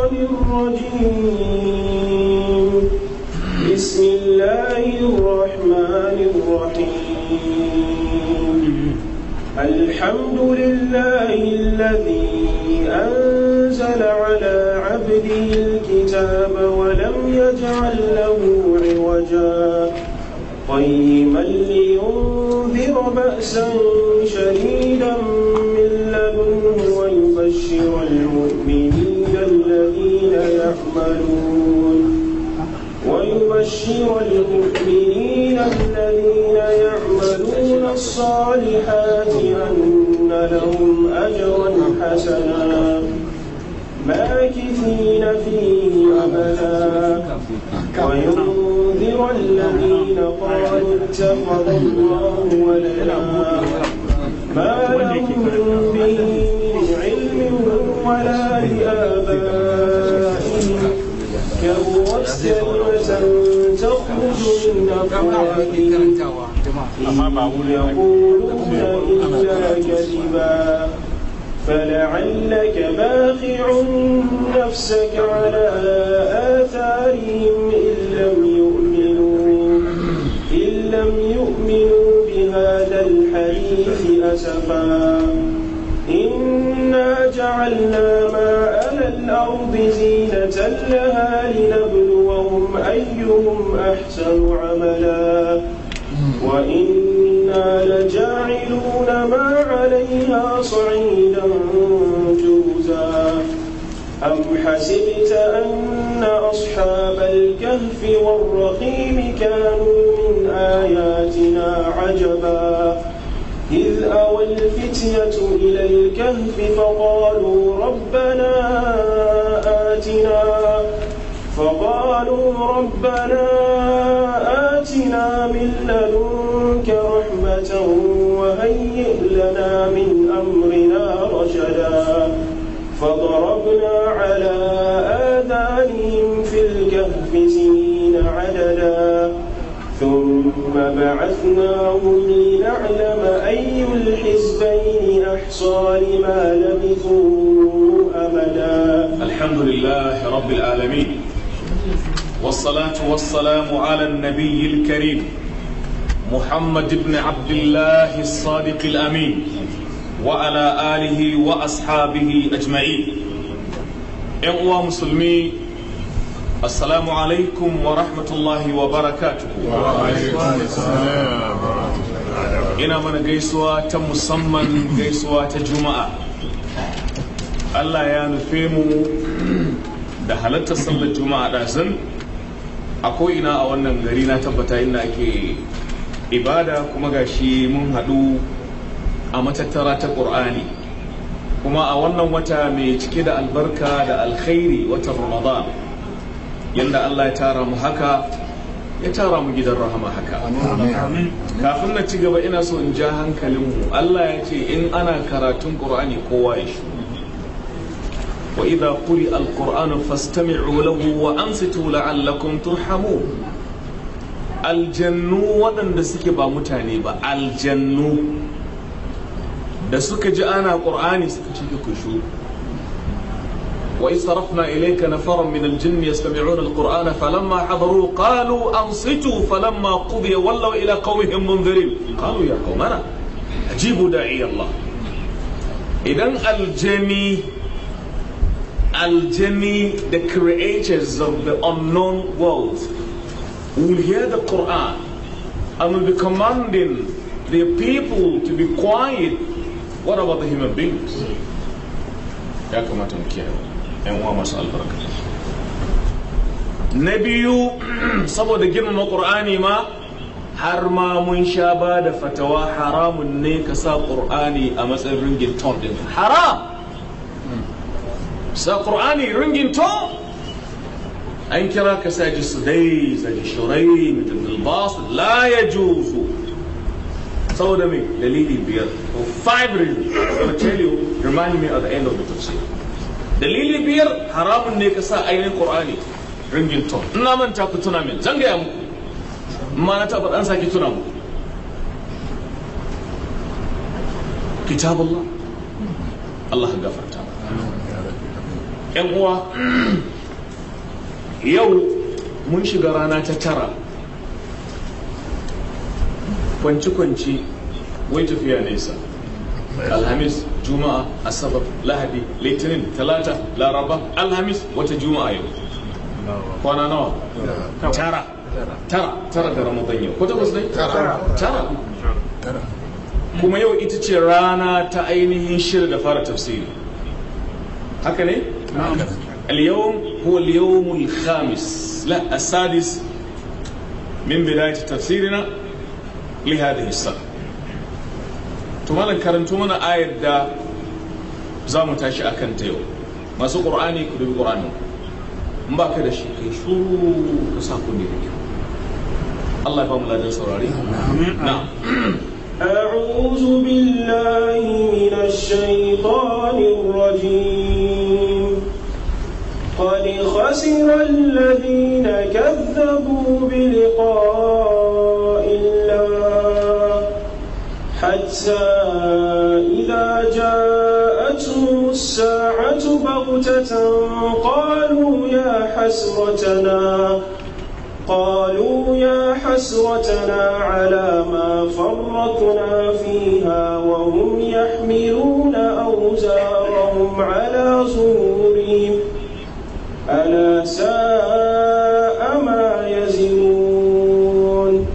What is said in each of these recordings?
الرجيم بسم الله الرحمن الحمد لله الذي أنزل على عبده الكتاب ولم يجعل له عوجا قيما لينذر بأسا شديدا يعملون ويبشر المؤمنين الذين يعملون الصالحات أن لهم أجرا حسنا ماكثين فيه أبدا وينذر الذين قالوا اتخذ الله ولدا ما لهم به من علم ولا تخرج من يقولون إلا كذبا فلعلك باخع نفسك على آثارهم إن لم يؤمنوا إن لم يؤمنوا بهذا الحديث أسفا إنا جعلنا ما الأرض زينة لها لنبلوهم أيهم أحسن عملا وإنا لجاعلون ما عليها صعيدا جوزا أم حسبت أن أصحاب الكهف والرقيم كانوا من آياتنا عجبا إذ أوى الفتية إلى الكهف فقالوا ربنا آتنا فقالوا ربنا آتنا من لدنك رحمة وهيئ لنا من أمرنا رشدا فضربنا على آذانهم في الكهف سنين عددا ثم ثم بعثناهم لنعلم أي الحزبين أحصى لما لبثوا أمدا الحمد لله رب العالمين والصلاة والسلام على النبي الكريم محمد بن عبد الله الصادق الأمين وعلى آله وأصحابه أجمعين إخوة مسلمين asalamu alaikum wa rahmatullahi wa barakatuhu. Ina mana gaisuwa ta musamman gaisuwa ta Juma'a. Allah ya nufe mu da halartar sallar Juma'a ɗazin a ko'ina a wannan gari na tabbata inda ake ibada kuma gashi mun haɗu a matattara ta ƙur'ani kuma a wannan wata mai cike da albarka da alkhairi watan Ramadan. yadda Allah ya tara mu haka ya tara mu gidan rahama haka kafin na ci gaba ina so in ja hankalin mu Allah ya ce in ana karatun Qur'ani kowa ya shi wa idza quri al fastami'u lahu wa ansitu la'allakum turhamu aljannu waɗanda suke ba mutane ba aljannu da suka ji ana ƙur'ani suka ce ku shuru وإذ صرفنا إليك نفرا من الجن يستمعون القرآن فلما حضروا قالوا أنصتوا فلما قضي ولوا إلى قومهم منذرين قالوا يا قومنا أجيبوا داعي الله إذا الجني الجني the creators of the unknown world will hear the Quran and will be commanding the people to be quiet what about the human beings يا قومنا yan uwa masu albarka na biyu saboda girmama ƙur'ani ma har ma mun sha ba da fatawa haramun ne ka sa ƙur'ani a matsayin ringin ton ɗin haram sa ƙur'ani ringin ton an kira ka sa dai, sa jishurai mutum basu la ya juzu saboda mai dalili biyar five reasons I will tell you remind me at the end of the tafsir dalili biyar haramun ne ka sa ainihin qur'ani ringin ton ina manta ku tuna min zan gaya muku ma na taɓa ɗan sake tuna muku kitabullah Allah ka gafarta yan uwa yau mun shiga rana ta tara kwanci-kwanci wai tafiya nesa alhamis juma'a asabar lahadi litinin talata laraba alhamis wata juma'a yau kwana nawa tara tara tara da ramadan yau ko takwas ne tara tara kuma yau ita ce rana ta ainihin shirya da fara tafsiri haka ne اليوم هو اليوم الخامس لا السادس من بداية تفسيرنا لهذه السنة to malam karanto mana ayar da za mu tashi a kan ta yau masu ƙur'ani ku dubi ƙur'anin in ba ka da shi kai shuru ka sa ku ne da kyau Allah ya ba mu ladan saurari na أعوذ بالله من الشيطان الرجيم قد خسر الذين كذبوا بلقاء حتى إذا جاءتهم الساعة بغتة قالوا يا حسرتنا قالوا يا حسرتنا على ما فرطنا فيها وهم يحملون أوزارهم على ظهورهم ألا ساء ما يزنون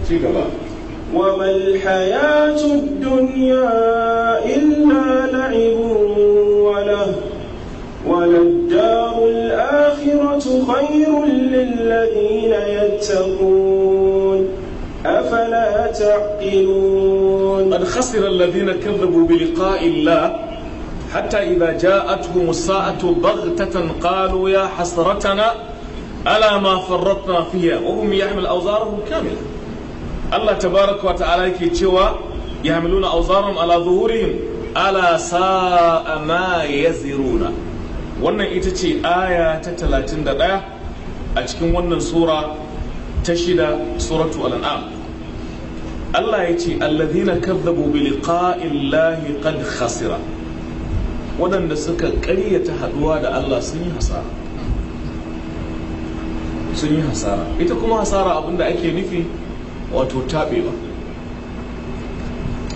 وما الحياة الدنيا إلا لعب وله وللدار الآخرة خير للذين يتقون أفلا تعقلون قد خسر الذين كذبوا بلقاء الله حتى إذا جاءتهم الساعة بغتة قالوا يا حسرتنا ألا ما فرطنا فيها وهم يحمل أوزارهم كاملة الله تبارك وتعالى يكي يحملون أوزارهم على ظهورهم ألا ساء ما يزرون wannan ita ce aya ta 31 a cikin wannan sura ta shida suratu al'an'am Allah ya ce allazina kazzabu bi liqa'illahi qad khasira waɗanda suka ƙaryata haɗuwa da Allah sun yi hasara sun yi hasara ita kuma hasara abinda ake nufi wato taɓewa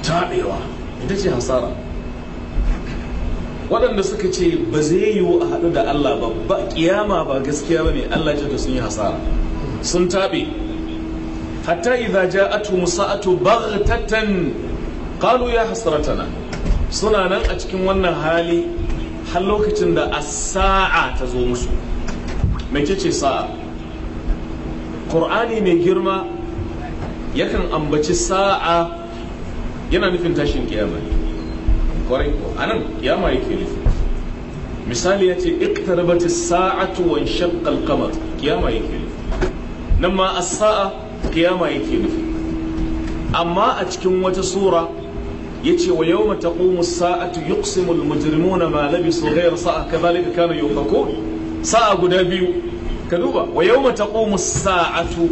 taɓewa ita ce hasara waɗanda suka ce ba zai yiwu a haɗu da Allah ba ba kiyama ba gaskiya ba ne Allah ce sun yi hasara sun taɓe hatta idza ja'atu musa'atu baghtatan qalu ya hasratana suna nan a cikin wannan hali har lokacin da as-sa'a ta zo musu me ce sa'a Qur'ani mai girma yakan ambaci sa'a yana nufin tashin kiyama kwarai ko anan kiyama yake nufi misali ya ce iqtarabat as-sa'atu wa inshaqqa al-qamar kiyama yake nufi nan ma a saa kiyama yake nufi amma a cikin wata sura ya ce wa yawma taqumu as-sa'atu yuqsimu al-mujrimuna ma labisu ghayra sa'a ka kadhalika kanu yufakun sa'a guda biyu ka duba wa yawma taqumu as-sa'atu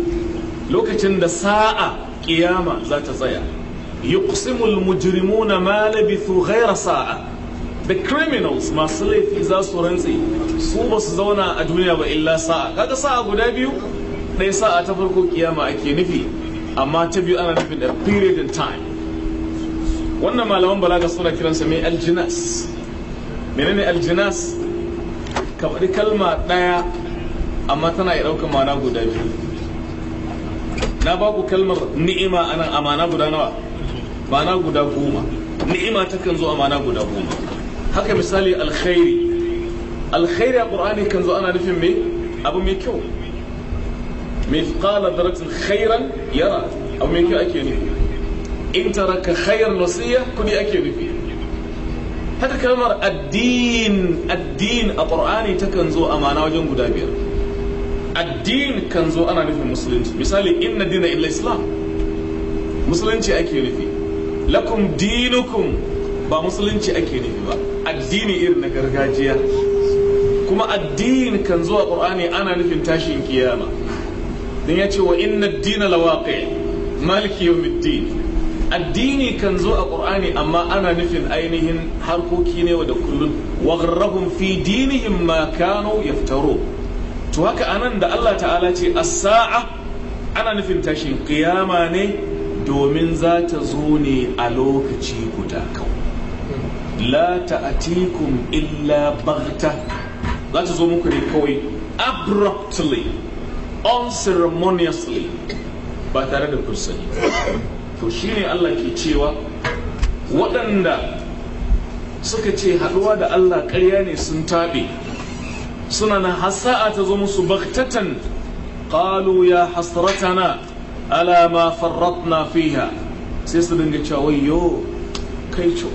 lokacin da sa'a kiyama za ta tsaya yuqsimul mujrimuna ma labithu ghayra sa'a the criminals masu laifi za su rantse su ba su zauna a duniya ba illa sa'a kaga sa'a guda biyu ɗaya sa'a ta farko kiyama ake nufi amma ta biyu ana nufin a period in time wannan malaman balaga suna kiransa mai aljinas menene aljinas ka faɗi kalma ɗaya amma tana iya ɗaukar mana guda biyu na ba ku kalmar ni'ima anan amana guda nawa ma'ana guda goma ni'ima takan zo a ma'ana guda goma haka misali alkhairi alkhairi a qur'ani kan zo ana nufin me abu mai kyau mithqala daratin khairan yara abu mai kyau ake nufi in taraka khairan wasiya kudi ake nufi haka kalmar addin addin a qur'ani takan zo a ma'ana wajen guda biyar addin kan zo ana nufin musulunci misali inna dina illa islam musulunci ake nufi lakum dinukum ba musulunci ake nufi ba addini irin na gargajiya kuma addini kan zuwa qur'ani ana nufin tashin kiyama dan ya ce wa inna ad-dina lawaqi maliki yawmiddin addini kan zo a qur'ani amma ana nufin ainihin harkoki ne wa da kullun wa gharrahum fi dinihim ma kanu yaftaru to haka anan da Allah ta'ala ce as-sa'a ana nufin tashin kiyama ne domin za ta zo ne a lokaci guda kawai la ta'atikum illa baghta za ta zo muku ne kawai abruptly unceremoniously ba tare da kun to shine Allah ke cewa waɗanda suka ce haɗuwa da Allah ƙarya ne sun taɓe suna na hasa'a ta zo musu baktatan qalu ya hasratana Alama ma farratna fiha sai su dinga cewa wayyo kai co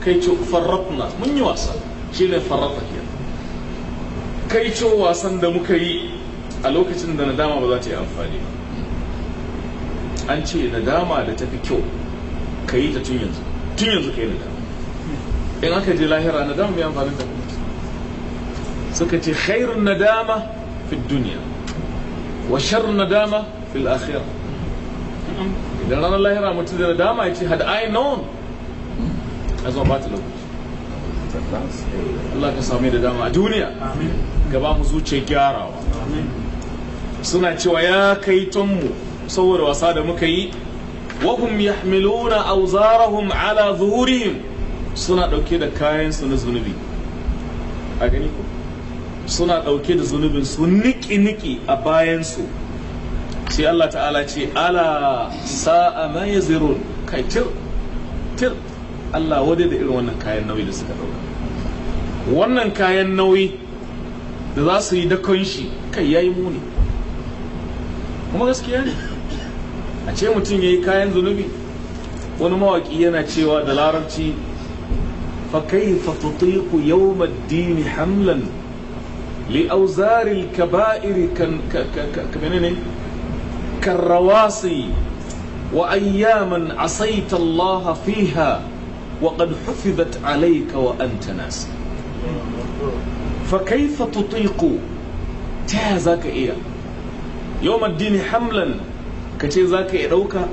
kai co farratna mun yi wasa shi ne farrata ke kai co wasan da muka yi a lokacin da nadama ba za ta yi amfani ba an ce nadama da ta fi kyau ka yi ta tun yanzu tun yanzu ka yi nadama in aka je lahira nadama mai amfani da suka ce khairun nadama fi duniya wa sharrun nadama fi الآخرة idan ranar lahira mutum zai dama ya ce had I known a zuwa ta lokaci Allah ka sami da dama a duniya gaba mu zuce gyarawa suna cewa ya kai tunmu saboda wasa da muka yi wahum yahmiluna auzarahum ala zuhurihim suna dauke da kayan su na zunubi a gani ko suna dauke da zunubin su niki niki a bayan su sai Allah ta'ala ce ala sa'a ma yazirun kai tir Allah wade da irin wannan kayan nauyi da suka dauka wannan kayan nauyi da za su yi dakon shi kai yayi muni kuma gaskiya ne a ce mutum yayi kayan zunubi wani mawaki yana cewa da larabci fa kayfa tutiqu yawm ad-din hamlan li awzar al-kaba'ir kan ka, ka, ka, ka, كالرواصي وأياما عصيت الله فيها وقد حفظت عليك وأنت ناس فكيف تطيق تهزاك إياه يوم الدين حملا كتزاك إروكا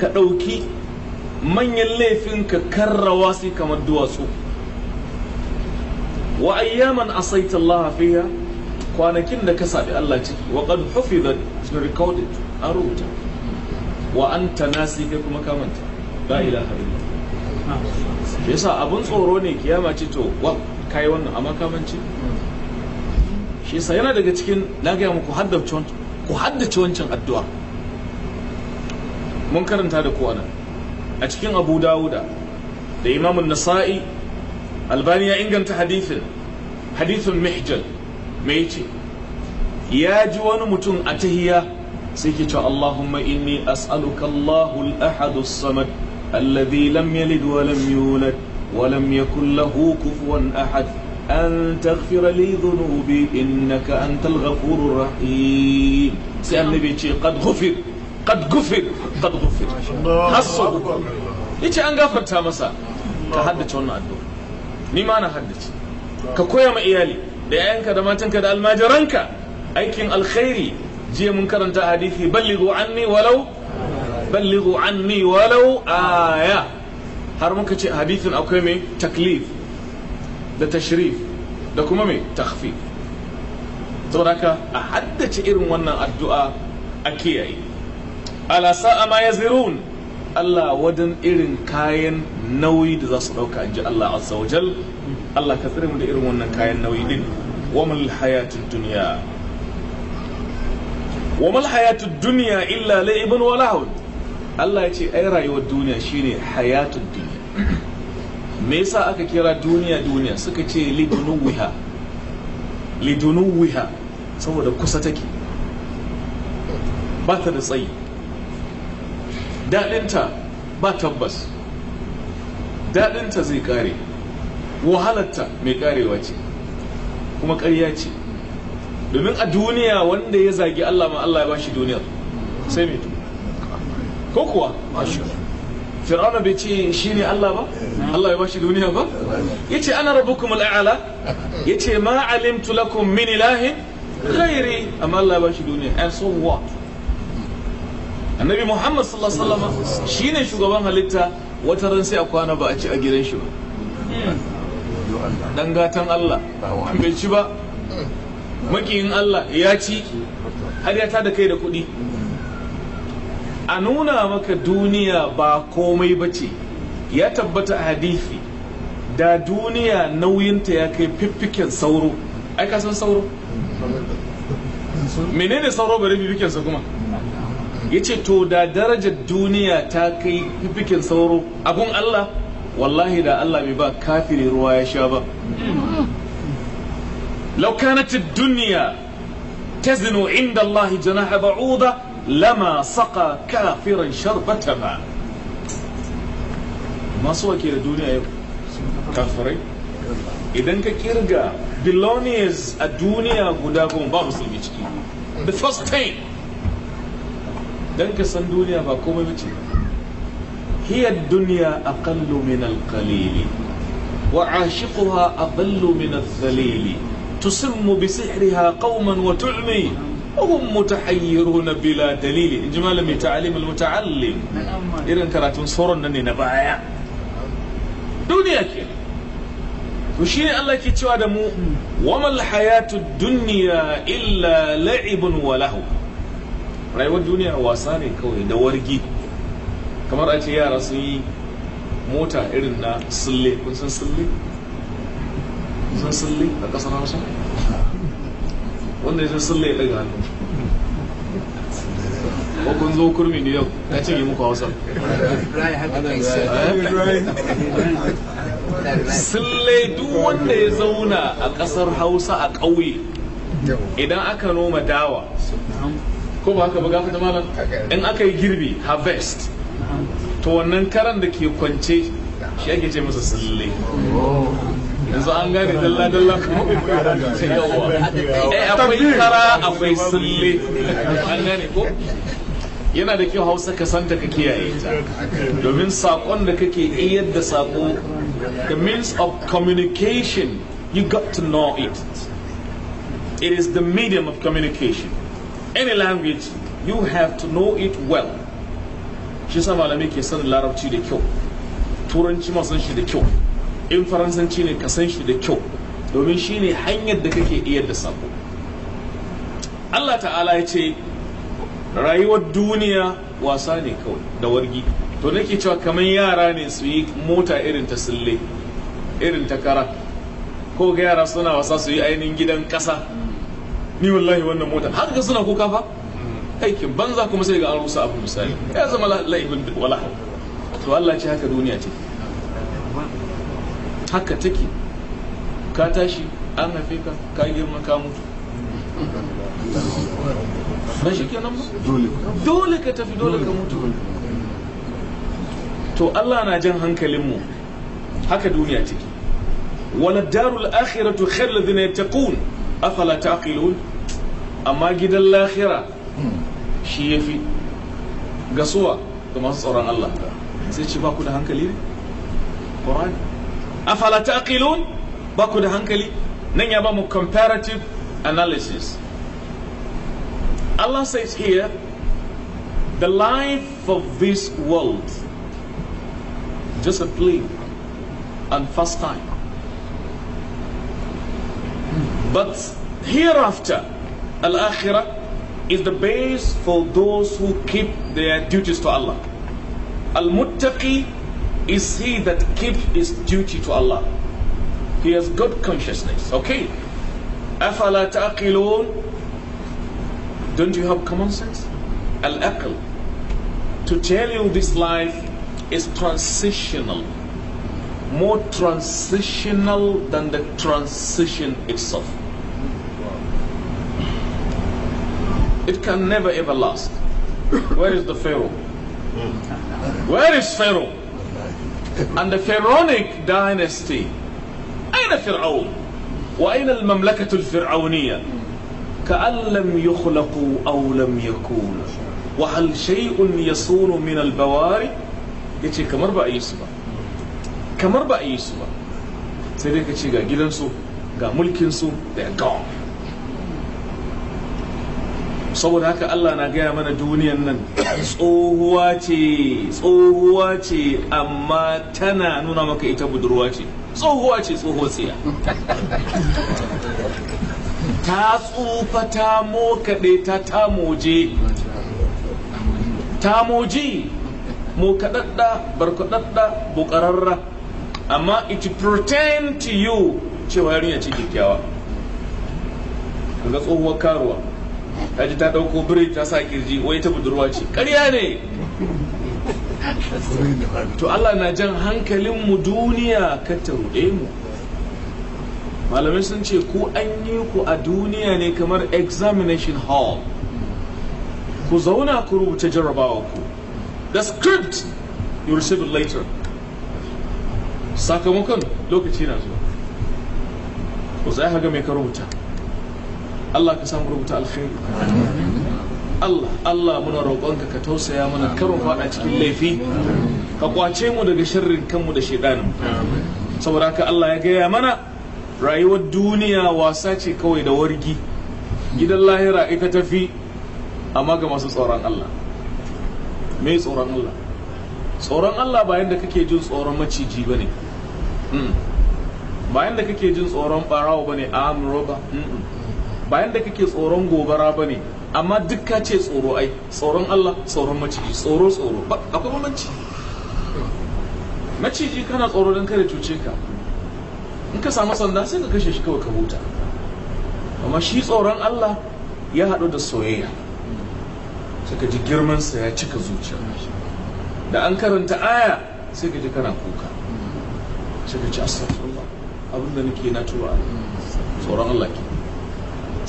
كأوكي من فينك كالرواسي كما الدواسو وأياما عصيت الله فيها وأنا da ka الله وقد حفظت to been recorded an rubuta wa an ta nasi kai kuma kamanta ba ilaha illallah yasa abun tsoro ne kiyama ce to wa kai wannan amma kamanci shi yasa yana daga cikin na ga muku haddace wancan ku haddace wancan addu'a mun karanta da ku anan a cikin Abu Dawuda da Imam nasai Albani ya inganta hadithin hadithun Mihjal me yace ya ji wani mutum a tahiya sai ke cewa Allahumma inni as'aluka Allahul ahadus samad alladhi lam yalid wa lam yulad wa lam yakul lahu kufuwan ahad أن تغفر لي ذنوبي إنك أنت الغفور الرحيم بيتي قد غفر قد غفر قد غفر حصل يجي أن غفر تامسا كحدث وانا أدو نما أنا حدث ككويا ما إيالي da matanka da almajiranka aikin alkhairi jiya mun karanta hadisi ballighu anni walau ballighu anni walau aya har muka ce hadisin akwai mai taklif da tashrif da kuma mai takhfif saboda haka a haddace irin wannan addu'a a kiyaye ala sa'a ma yazirun Allah wadan irin kayan nauyi da za su dauka inji Allah azza wajal Allah ka tsare mu da irin wannan kayan nauyi din wa mal hayatud dunya wa mal hayatud dunya illa la'ibun wa lahu Allah ya ce ai rayuwar duniya shine hayatu dunya me yasa aka kira duniya duniya suka ce lidunuwiha lidunuwiha saboda kusa take ba ta da tsayi daɗinta ba tabbas daɗinta zai kare. wahalarta mai karewa ce kuma ƙarya ce domin a duniya wanda ya zagi Allah ma Allah ya ba shi duniyar sai me ko kuwa fir'auna bai ce shi ne Allah ba Allah ya ba shi duniya ba ya ce ana rabu rabbukum al'ala ya ce ma alimtu lakum min ilahin ghairi amma Allah ya ba shi duniya and so what annabi Muhammad sallallahu alaihi wasallam shine shugaban halitta wata ran sai a kwana ba a ci a gidan shi ba dan gatan Allah bai ci ba makiyin Allah ya ci har ya da kai da kuɗi a nuna maka duniya ba komai ba ce ya tabbata a hadithi da duniya nauyinta ya kai fiffiken sauro ai ka san sauro menene sauro bari fiffiken sa kuma ya ce to da darajar duniya ta kai fiffiken sauro abun Allah wallahi da Allah bai ba kafiri ruwa ya sha ba لو كانت الدنيا تزن عند الله جناح بعوضة لما سقى كافرا شربة ماء ما سوى كير الدنيا كافري إذن كيرجا بلونيز الدنيا قدابهم بابس المشكين The first thing إذن كسان دنيا باكوم المشكين هي الدنيا أقل من القليل وعاشقها أقل من الذليل تسم بسحرها قوما وتعمي وهم متحيرون بلا دليل إجمالا من تعليم المتعلم إذن كراتون صورنا نبايا دنيا كده to shi ne Allah ke cewa da mu wamal hayatu duniya illa la'ibun wa rayuwar duniya wasa ne kawai da wargi kamar a ce yara sun yi mota irin na sille. sun sulle a ƙasar hausa wanda ya sun sulle ya ɗaga hannu ko kun zo kurmi new york na ce yi muku hausa sulle duk wanda ya zauna a ƙasar hausa a ƙauye idan aka noma dawa ko ba haka ba gafa malam in aka yi girbi harvest to wannan karan da ke kwance shi ake ce masa sulle yanzu an gane dalla dalla eh, akwai kara akwai sulle an gane ko yana da kyau hausa ka santa ka kiyaye ta domin sakon da kake iya da sako the means of communication you got to know it it is the medium of communication any language you have to know it well shi sa malamai ke sanin larabci da kyau turanci masan shi da kyau in faransanci ne ka san shi da kyau domin shi ne hanyar da kake iya da sako Allah ta'ala ya ce rayuwar duniya wasa ne kawai da wargi to nake cewa kamar yara ne su yi mota irin ta sille irin ta kara ko ga yara suna wasa su yi ainihin gidan kasa ni wallahi wannan mota haka ga suna kuka fa aikin banza kuma sai ga an rusa abu misali ya zama la'ibin wala to Allah ce haka duniya ce haka take ka tashi an haife ka ka girma ka mutu ba shi kenan ba dole ka tafi dole ka mutu to Allah na jan hankalinmu haka duniya take wala darul akhiratu khairul ladina yattaqun afala taqilun amma gidan lahira shi yafi gasuwa ga masu tsoron Allah sai ce ba ku da hankali ne Qur'ani afala taqilun ba ku da hankali nan ya ba mu comparative analysis Allah says here the life of this world just a play and first time but hereafter al-akhirah is the base for those who keep their duties to Allah al-muttaqi is he that keeps his duty to Allah. He has good consciousness. Okay. أَفَلَا تَأْقِلُونَ Don't you have common sense? Al-Aql. To tell you this life is transitional. More transitional than the transition itself. It can never ever last. Where is the Pharaoh? Where is Pharaoh? and the Pharaonic dynasty أين فرعون وأين المملكة الفرعونية كأن لم يخلقوا أو لم يكونوا وهل شيء يصون من البواري يتي kamar يسوع. a يسوع. su ba kamar ba a they're gone saboda haka Allah na gaya mana duniyan nan tsohuwa ce tsohuwa ce amma tana nuna maka ita budurwa ce tsohuwa ce tsoho ta tsufa ta mokaɗe ta tamoje tamoji mokaɗaɗɗa barkaɗaɗɗa bukararra amma it pretend to you cewa yarinya ce kyakkyawa kaga tsohuwar karuwa ta ji ta ɗauko birin ta sa kirji wai ta budurwa ce ƙarya ne to Allah na jan hankalin mu duniya ka ta mu malamai sun ce ku an yi ku a duniya ne kamar examination hall ku zauna ku rubuta jarrabawa ku the script you receive it later sakamakon lokaci na zuwa ku sai haga mai ka rubuta Allah ka samu rubuta alkhairi Allah Allah muna roƙonka ka tausaya mana karin faɗa cikin laifi ka kwace mu daga sharrin kanmu da shaidanin saboda haka Allah ya gaya mana rayuwar duniya wasa ce kawai da wargi gidan lahira ita tafi amma ga masu tsoron Allah me tsoron Allah tsoron Allah ba yadda kake jin tsoron maciji bane ba hmm. yadda kake jin tsoron barawo bane am ah, roba hmm, hmm. bayan da kake tsoron gobara ba ne amma duk ka ce tsoro ai tsoron Allah tsoron maciji tsoro tsoro ba akwai mamanci maciji kana tsoro don kada cuce ka in ka samu sanda sai ka kashe shi kawai ka huta amma shi tsoron Allah ya haɗu da soyayya suka ji girmansa ya cika zuciya da an karanta aya sai ka ji kana kuka sai ka ci astagfirullah abinda nake na tuwa tsoron Allah ke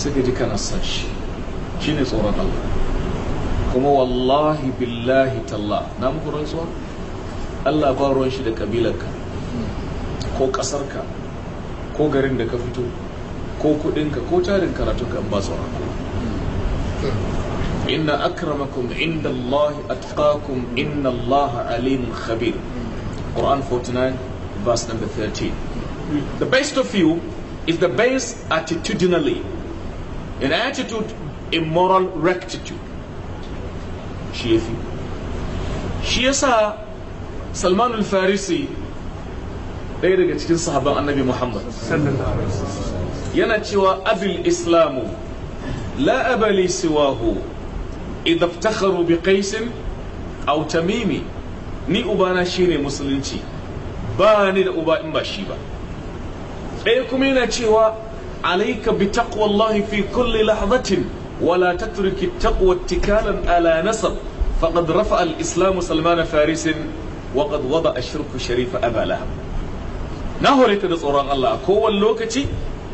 suka ji kana son shi ne tsoron Allah kuma wallahi billahi talla na muku rantsuwa Allah ba ruwan shi da kabilarka ko kasarka ko garin da ka fito ko kudinka ko tarin karatunka in ba tsoron inna akramakum inda Allah atqakum inna Allah alimun khabir Quran 49 verse number 13 the best of you is the best attitudinally in attitude in moral rectitude shi ya fi shi ya sa salman al-farisi ɗaya daga cikin sahaban annabi muhammad yana cewa abil islamu la abali siwahu idha bi qaisin aw tamimi ni ubana shine musulunci ba ni da uba in ba shi ba ɗaya kuma yana cewa عليك بتقوى الله في كل لحظة ولا تترك التقوى اتكالا على نسب فقد رفع الإسلام سلمان فارس وقد وضع الشرك الشريف أبا لهب نهر تدصوران الله كو اللوكتي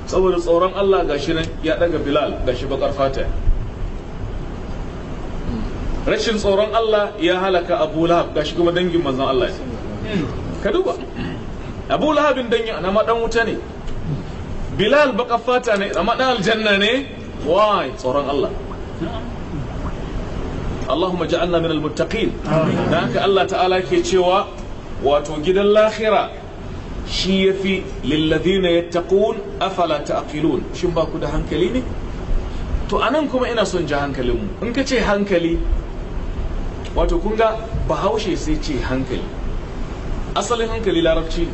سوال صوران الله قاشنا يا بلال قاش بقر فاتح رشن صوران الله يا هلك أبو لهب قاش كما دنجي مزان الله كدوبا أبو لهب دنجي أنا ما دموتني bilal baka fata ne amma dan aljanna ne wai tsoron Allah Allahumma ja'alna minal muttaqin dan haka Allah ta'ala ke cewa wato gidan lahira shi yafi lilladhina yattaqun afala ta'qilun shin ba ku da hankali ne to anan kuma ina son ja mu. in ka ce hankali wato kun ga bahaushe sai ce hankali asalin hankali larabci ne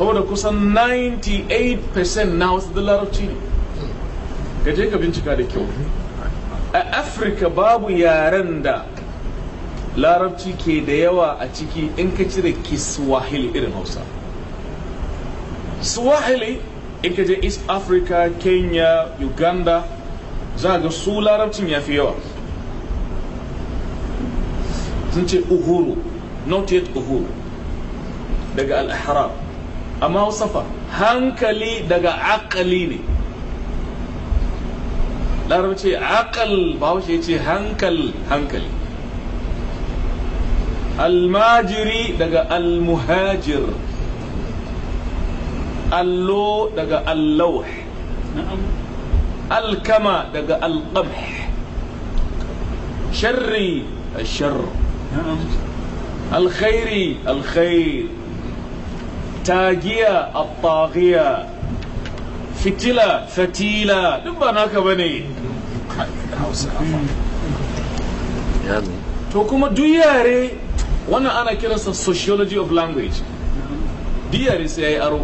saboda kusan 98% na wasu da larabci ne ka ka bincika da kyau a afirka babu yaren da larabci ke da yawa a ciki in ka cire kiswahili irin hausa swahili in ka je east africa kenya uganda za ga su larabcin ya fi yawa sun ce uhuru not yet uhuru daga al-ihram amma wasafa hankali daga akali ne larabci akal bahaushe ce hankal hankali almajiri daga almuhajir allo daga allauh alkama daga alqamh sharri الشر الخيري alkhair. tagiya a taghiya fitila fatila duk ba naka ne. to kuma duk yare wannan ana kiransa sociology of language duk yare sai aro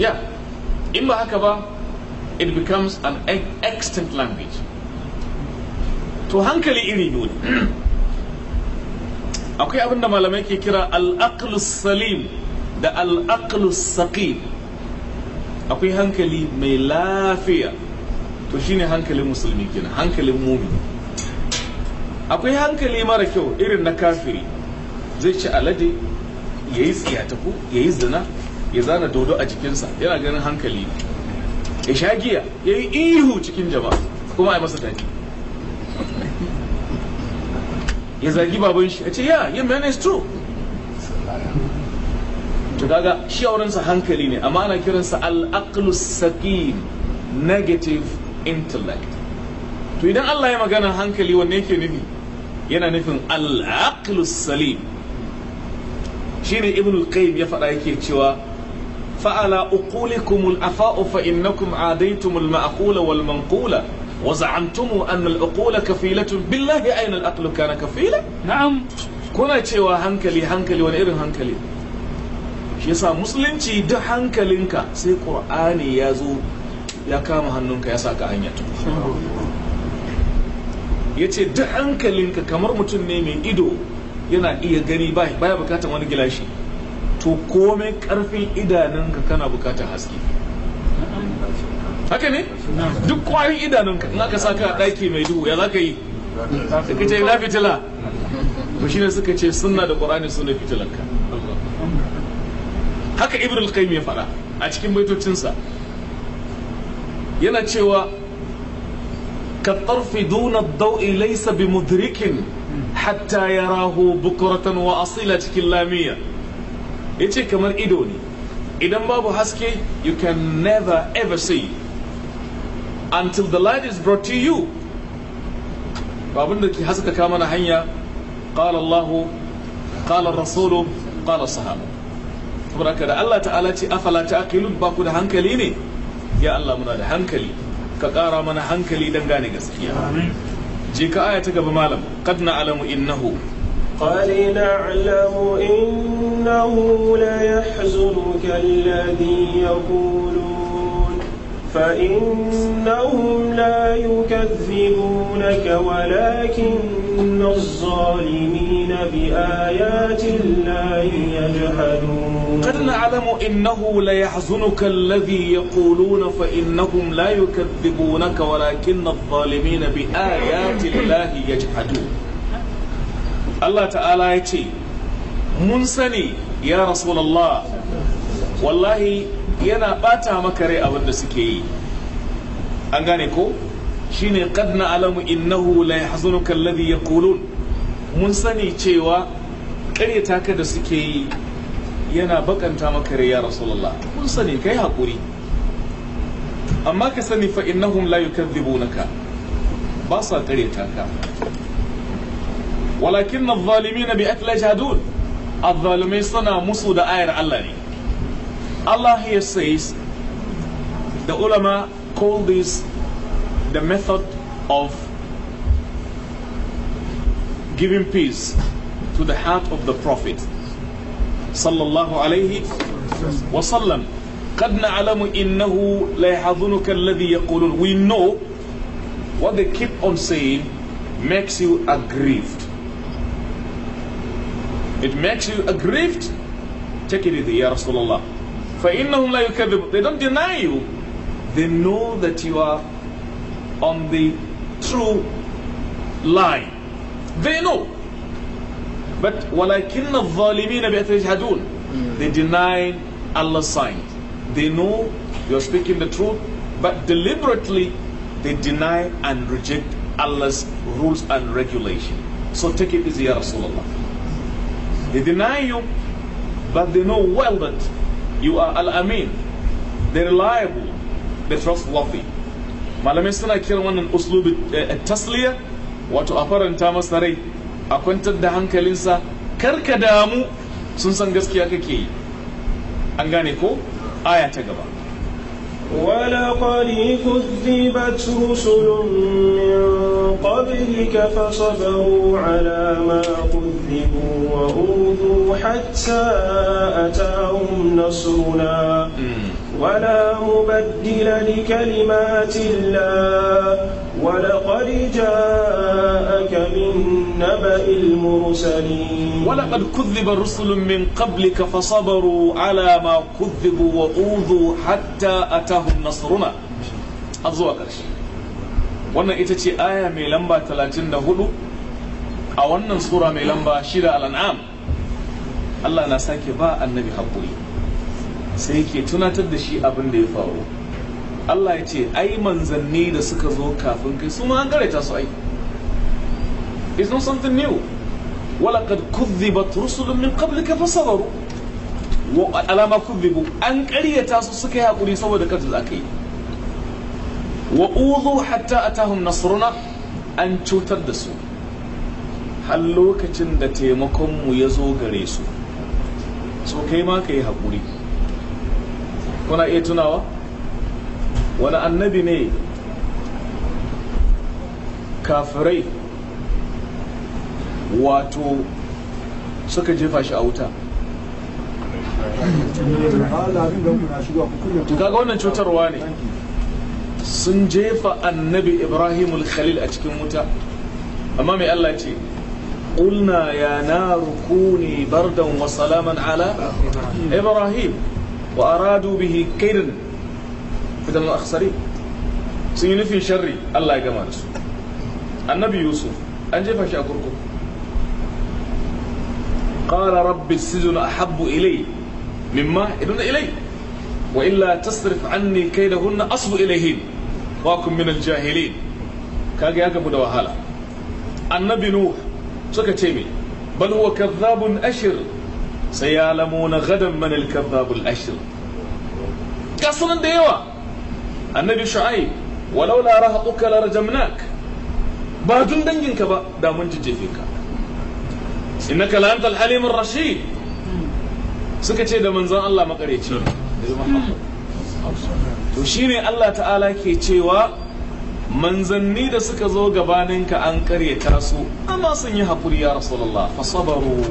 ya in ba haka ba it becomes an extant language to hankali iri biyu ne akwai abinda malamai ke kira al-aqlus salim da al'aqlu saqim akwai hankali mai lafiya to shine hankalin musulmi kenan hankalin mumi akwai hankali mara kyau irin na kafiri zai ci alade ya yi tsiyataku ya yi zina ya zana dodo a jikinsa yana ganin hankali ya sha giya ya yi ihu cikin jama'a kuma a yi masa taki ya zagi baban shi ya ce ya yin man true to kaga shi aurensa hankali ne amma ana kiransa al saqim negative intellect to idan Allah ya magana hankali wanne yake nufi yana nufin al-aqlu shine ibn al-qayyim ya faɗa yake cewa fa'ala uqulikum al-afa'u fa innakum adaytum al-ma'qula wal manqula وزعمتم أن العقول kafila بالله أين العقل كان kafila. نعم Kuna cewa hankali hankali wani irin hankali shi yasa musulunci da hankalinka sai ƙur'ani ya zo ya kama hannunka ya saka hanya ya ce duk hankalinka kamar mutum ne mai ido yana iya gani baya bukatar wani gilashi to komai karfin idanunka kana bukatar haske haka ne duk kwayoyin idanunka in aka saka a ɗaki mai duhu ya za ka yi suka ce na fitila shi ne suka ce suna da ƙwarani suna fitilanka haka ibn al ya faɗa a cikin baitocinsa yana cewa ka tarfi duna dau'i laysa bi mudrikin hatta yarahu bukratan wa asila cikin lamiya yace kamar ido ne idan babu haske you can never ever see until the light is brought to you babin da ke haskaka mana hanya qala allah qala rasulu qala sahaba saboda da Allah ta'ala ce afala taqilun ba ku da hankali ne ya Allah muna da hankali ka ƙara mana hankali dan gane gaskiya je ka aya ta gaba malam qad na'lamu innahu قال نعلم إنه ليحزنك الذي يقولون فإنهم لا يكذبونك ولكن الظالمين بآيات الله يجحدون قد نعلم إنه ليحزنك الذي يقولون فإنهم لا يكذبونك ولكن الظالمين بآيات الله يجحدون الله تعالى يتي منسني يا رسول الله والله yana bata maka rai abin da suke yi an gane ko shine qad na'lamu innahu la yahzunuka alladhi yaqulun mun sani cewa karyata ka da suke yi yana bakanta maka rai ya rasulullah mun sani kai hakuri amma ka sani fa innahum la yukadhibunaka ba sa karyata ka walakin adh-dhalimin bi akla jahdun adh-dhalimai suna musu da ayar Allah ne Allah here says, the ulama call this the method of giving peace to the heart of the Prophet. Sallallahu alayhi wa sallam. قَدْ نَعْلَمُ إِنَّهُ لَيْحَظُنُكَ الَّذِي يَقُولُونَ We know what they keep on saying makes you aggrieved. It makes you aggrieved. Take it easy, Ya Rasulullah. فَإِنَّهُمْ لَا They don't deny you. They know that you are on the true lie. They know. But وَلَكِنَّ الظَّالِمِينَ بِأَتَجْهَدُونَ They deny Allah's signs. They know you're speaking the truth, but deliberately they deny and reject Allah's rules and regulation. So take it easy, Ya Rasulullah. They deny you, but they know well that you are al-amin the reliable the trustworthy malamai suna kiran wannan uslubi eh, tasliya wato a faranta masa rai a kwantar da hankalinsa karka damu sun san gaskiya kake yi an gane ko aya ta gaba ولقد كذبت رسل من قبلك فصبروا على ما كذبوا وأوذوا حتى أتاهم نصرنا ولا مبدل لكلمات الله ولقد جاءك من نبأ المرسلين ولقد كذب رسل من قبلك فصبروا على ما كذبوا وأوذوا حتى أتاهم نصرنا أزوى قرش wannan ita ce aya mai lamba 34 a wannan sura mai lamba shida al'an'am Allah na sake ba annabi haƙuri sai yake tunatar da shi abin da ya faru Allah ya ce ai manzanni da suka zo kafin kai su ma an ta su ai Is not something new Wala ولقد كذبت رسل من قبلك فصبروا وعلى ما كذبوا an قريتا su suka yi hakuri saboda kada yi. wa udhu hatta atahum nasruna an cutar da su har lokacin da taimakon mu ya zo gare su so kai ma ka yi hakuri kuna iya tunawa wani annabi ne kafirai wato suka jefa shi a wuta kaga wannan cutarwa ne sun jefa annabi ibrahim khalil a cikin wuta amma mai allah ce na rukuni نار wa salaman ala. Ibrahim wa وارادوا bihi كيدا fitan akhsari sun yi nufin sharri Allah ya gama da su annabi yusuf an jefa shi a kurkuku qala rabbi sijnu ahabbu ilay mimma iduna ilay wa illa tasrif anni kaydahunna asbu ilayhin wa kun min al-jahilin kaga ya gabu da wahala annabi nuh suka ce mai bal huwa kadhabun ashir sayalamuna gadan man al-kadhabul ashir kasunan da yawa annabi shu'aib walau la rahatuka la rajamnak ba dun danginka ba da mun jijjefe ka innaka la antal halimur rashid suka ce da manzon Allah makareci to shine Allah ta'ala ke cewa manzanni da suka zo gabaninka an karyata su amma sun yi haƙuri ya rasulullah fa sabaru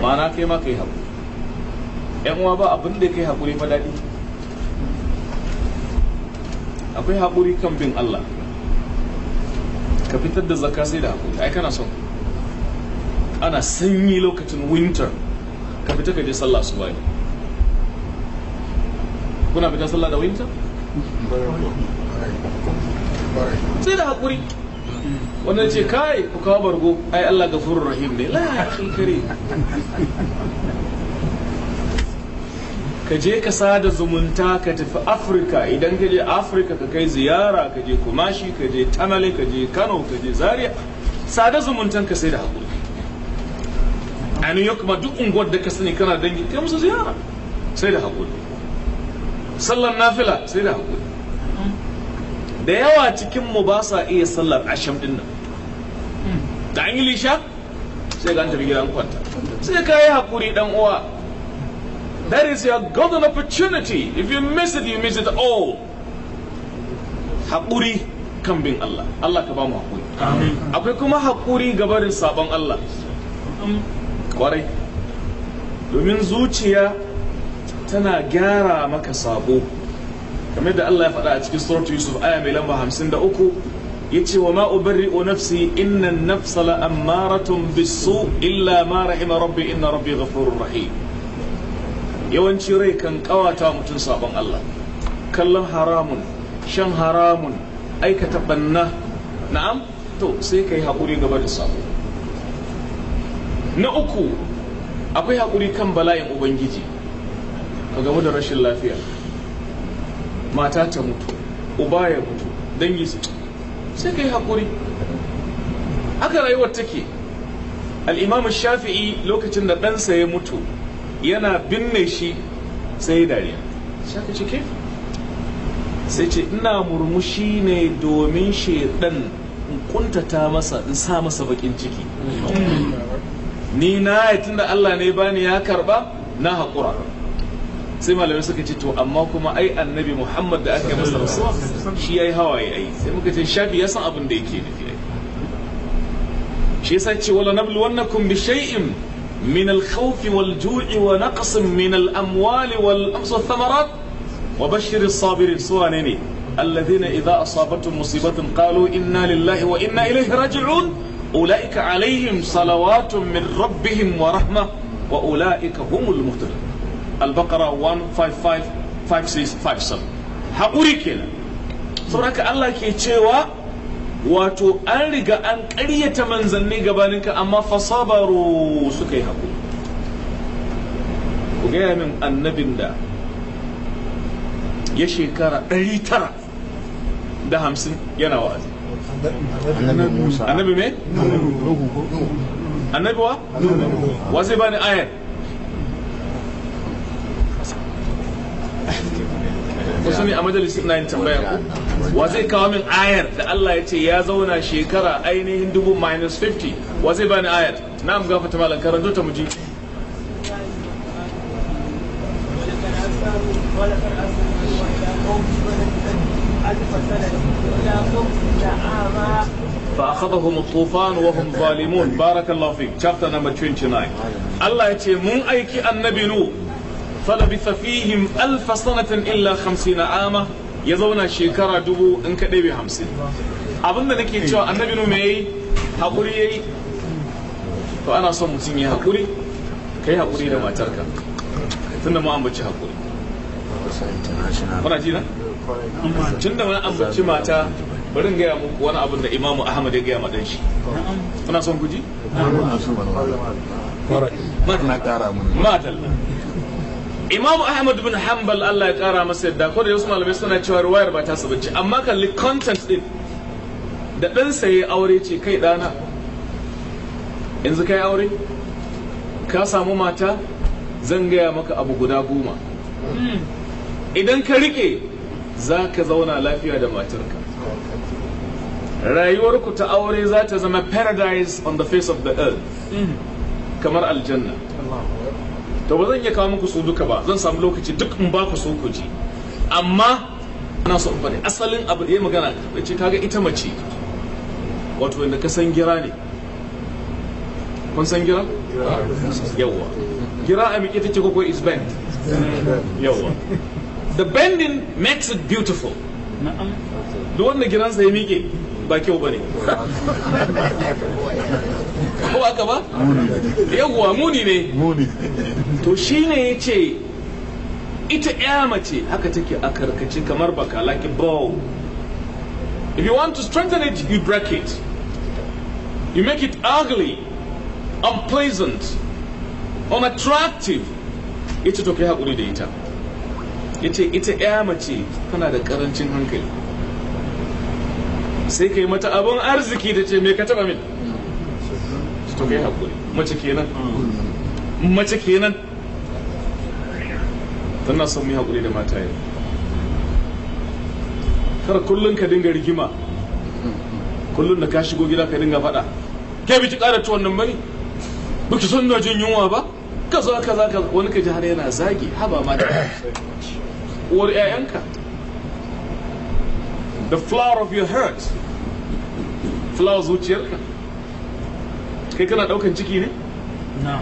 ba na kai ma kai haƙuri yan uwa ba abin da kai haƙuri fa daɗi akwai haƙuri kan bin Allah ka fitar da zakka sai da haƙuri ai kana son ana sanyi lokacin winter ka fita ka je sallah su bai kuna fita sallah da winter sai da haƙuri wannan ce kai ku kawo bargo ai Allah gafurur rahim ne la kare ka je ka sada zumunta ka tafi afirka idan ka je afirka ka kai ziyara ka je kumashi ka je tamale ka je kano ka je zaria sada zumuntan ka sai da haƙuri a new york ma duk unguwar da ka sani kana dangi kai musu ziyara sai da haƙuri sallar nafila sai da haƙuri da yawa cikin mu ba sa iya sallar asham din nan da an yi lisha sai ga an tafi gidan kwanta sai ka yi haƙuri dan uwa That is your golden opportunity. If you miss it, you miss it all. hakuri kan Allah. Allah ka ba mu hakuri. Akwai kuma hakuri gabarin sabon Allah. Kwarai. Mm. Domin zuciya tana gyara maka sabo. Kamar da Allah ya faɗa a cikin surat Yusuf aya mai lamba hamsin da uku ya ce wa ma'ubarri'u nafsi innan nafsala ammaratun bisu illa ma rahima rabbi inna rabbi ghafurur rahim. yawanci rai kan kawata mutum sabon Allah kallon haramun shan haramun aikata banna na'am to sai ka yi haƙuri gaba da sabo na uku akwai haƙuri kan bala'in ubangiji ka gamu da rashin lafiya mata ta mutu uba ya mutu dangi su sai ka yi haƙuri haka rayuwar take al'imam shafi'i lokacin da ɗansa ya mutu yana binne shi sai dariya sai cike sai ce ina murmushi ne domin shaidan in kuntata masa in sa masa bakin ciki ni na tun da Allah ne bani ya karba na haƙura sai malamai suka ce to amma kuma ai annabi muhammad da aka yi masa rasuwa shi ya yi hawaye ai sai muka ce shafi ya san abin da yake nufi shi yasa ce wala nablu wannakum bi shay'in من الخوف والجوع ونقص من الأموال والأمس والثمرات وبشر الصابرين سوانيني الذين إذا أصابتهم مصيبة قالوا إنا لله وإنا إليه راجعون أولئك عليهم صلوات من ربهم ورحمة وأولئك هم المهتدون البقرة 155 5657 haƙuri kenan الله haka Allah wato an riga an ƙaryata manzanni gabaninka amma fasabaru suka yi haƙuri ku gaya min annabin da ya shekara 950 yana wa'azi annabi me? annabi wa? wa zai ni ayar kusa a majalisin na yin tambaya wa zai kawo min ayar da Allah ya ce ya zauna shekara ainihin dubu minus 50 wa zai bani ayar na am gafa malam karanto ta muji فأخذهم الطوفان وهم ظالمون بارك الله فيك chapter number 29 Allah ya ce mun aiki annabi nu فلبث فيهم ألف سنة إلا خمسين عاما ya zauna shekara dubu in ka ɗebe hamsin abinda nake cewa annabi nume ya yi haƙuri ya yi to ana son mutum ya haƙuri ka yi da matarka tun da mu ambaci haƙuri kuna ji na? tun da ambaci mata barin gaya muku wani abin da imamu ahmad ya gaya ma imam ahmad bin hanbal allah ya kara masa yadda ko da wasu malamai suna cewa ruwayar ba ta su amma kalli content din da ɗan sayi aure ce kai ɗana yanzu kai aure ka samu mata zan gaya maka abu guda goma idan ka rike za ka zauna lafiya da matarka rayuwarku ta aure za ta zama paradise on the face of the earth kamar aljanna to ba zan iya kawo muku su duka ba zan samu lokaci duk in ba ku so ku ji amma ana so in faɗi asalin abu da ya magana da ce kaga ita mace wato wanda ka san gira ne kun san gira yawa gira a miƙe take ko is bend yawa the bending makes it beautiful duk wanda giransa ya miƙe ba kyau ba ne ko aka ba yawwa muni ne to shi shine ce ita ya mace haka take a karkace kamar baka like a bow if you want to strengthen it you break it you make it ugly unpleasant unattractive ita to kai hakuri da ita yace ita ya mace tana da karancin hankali sai kai mata abin arziki da ce me ka taba min to kai hakuri mace kenan mace kenan tana son mu yi hakuri da mataye kar kullum ka dinga rigima kullum da ka shigo gida ka dinga faɗa ke biki ƙara tuwon nan bane biki son na jin yunwa ba kaza kaza kaza wani ka ji har yana zagi haba ma da uwar 'ya'yanka the flower of your heart flower zuciyarka kai kana daukan ciki ne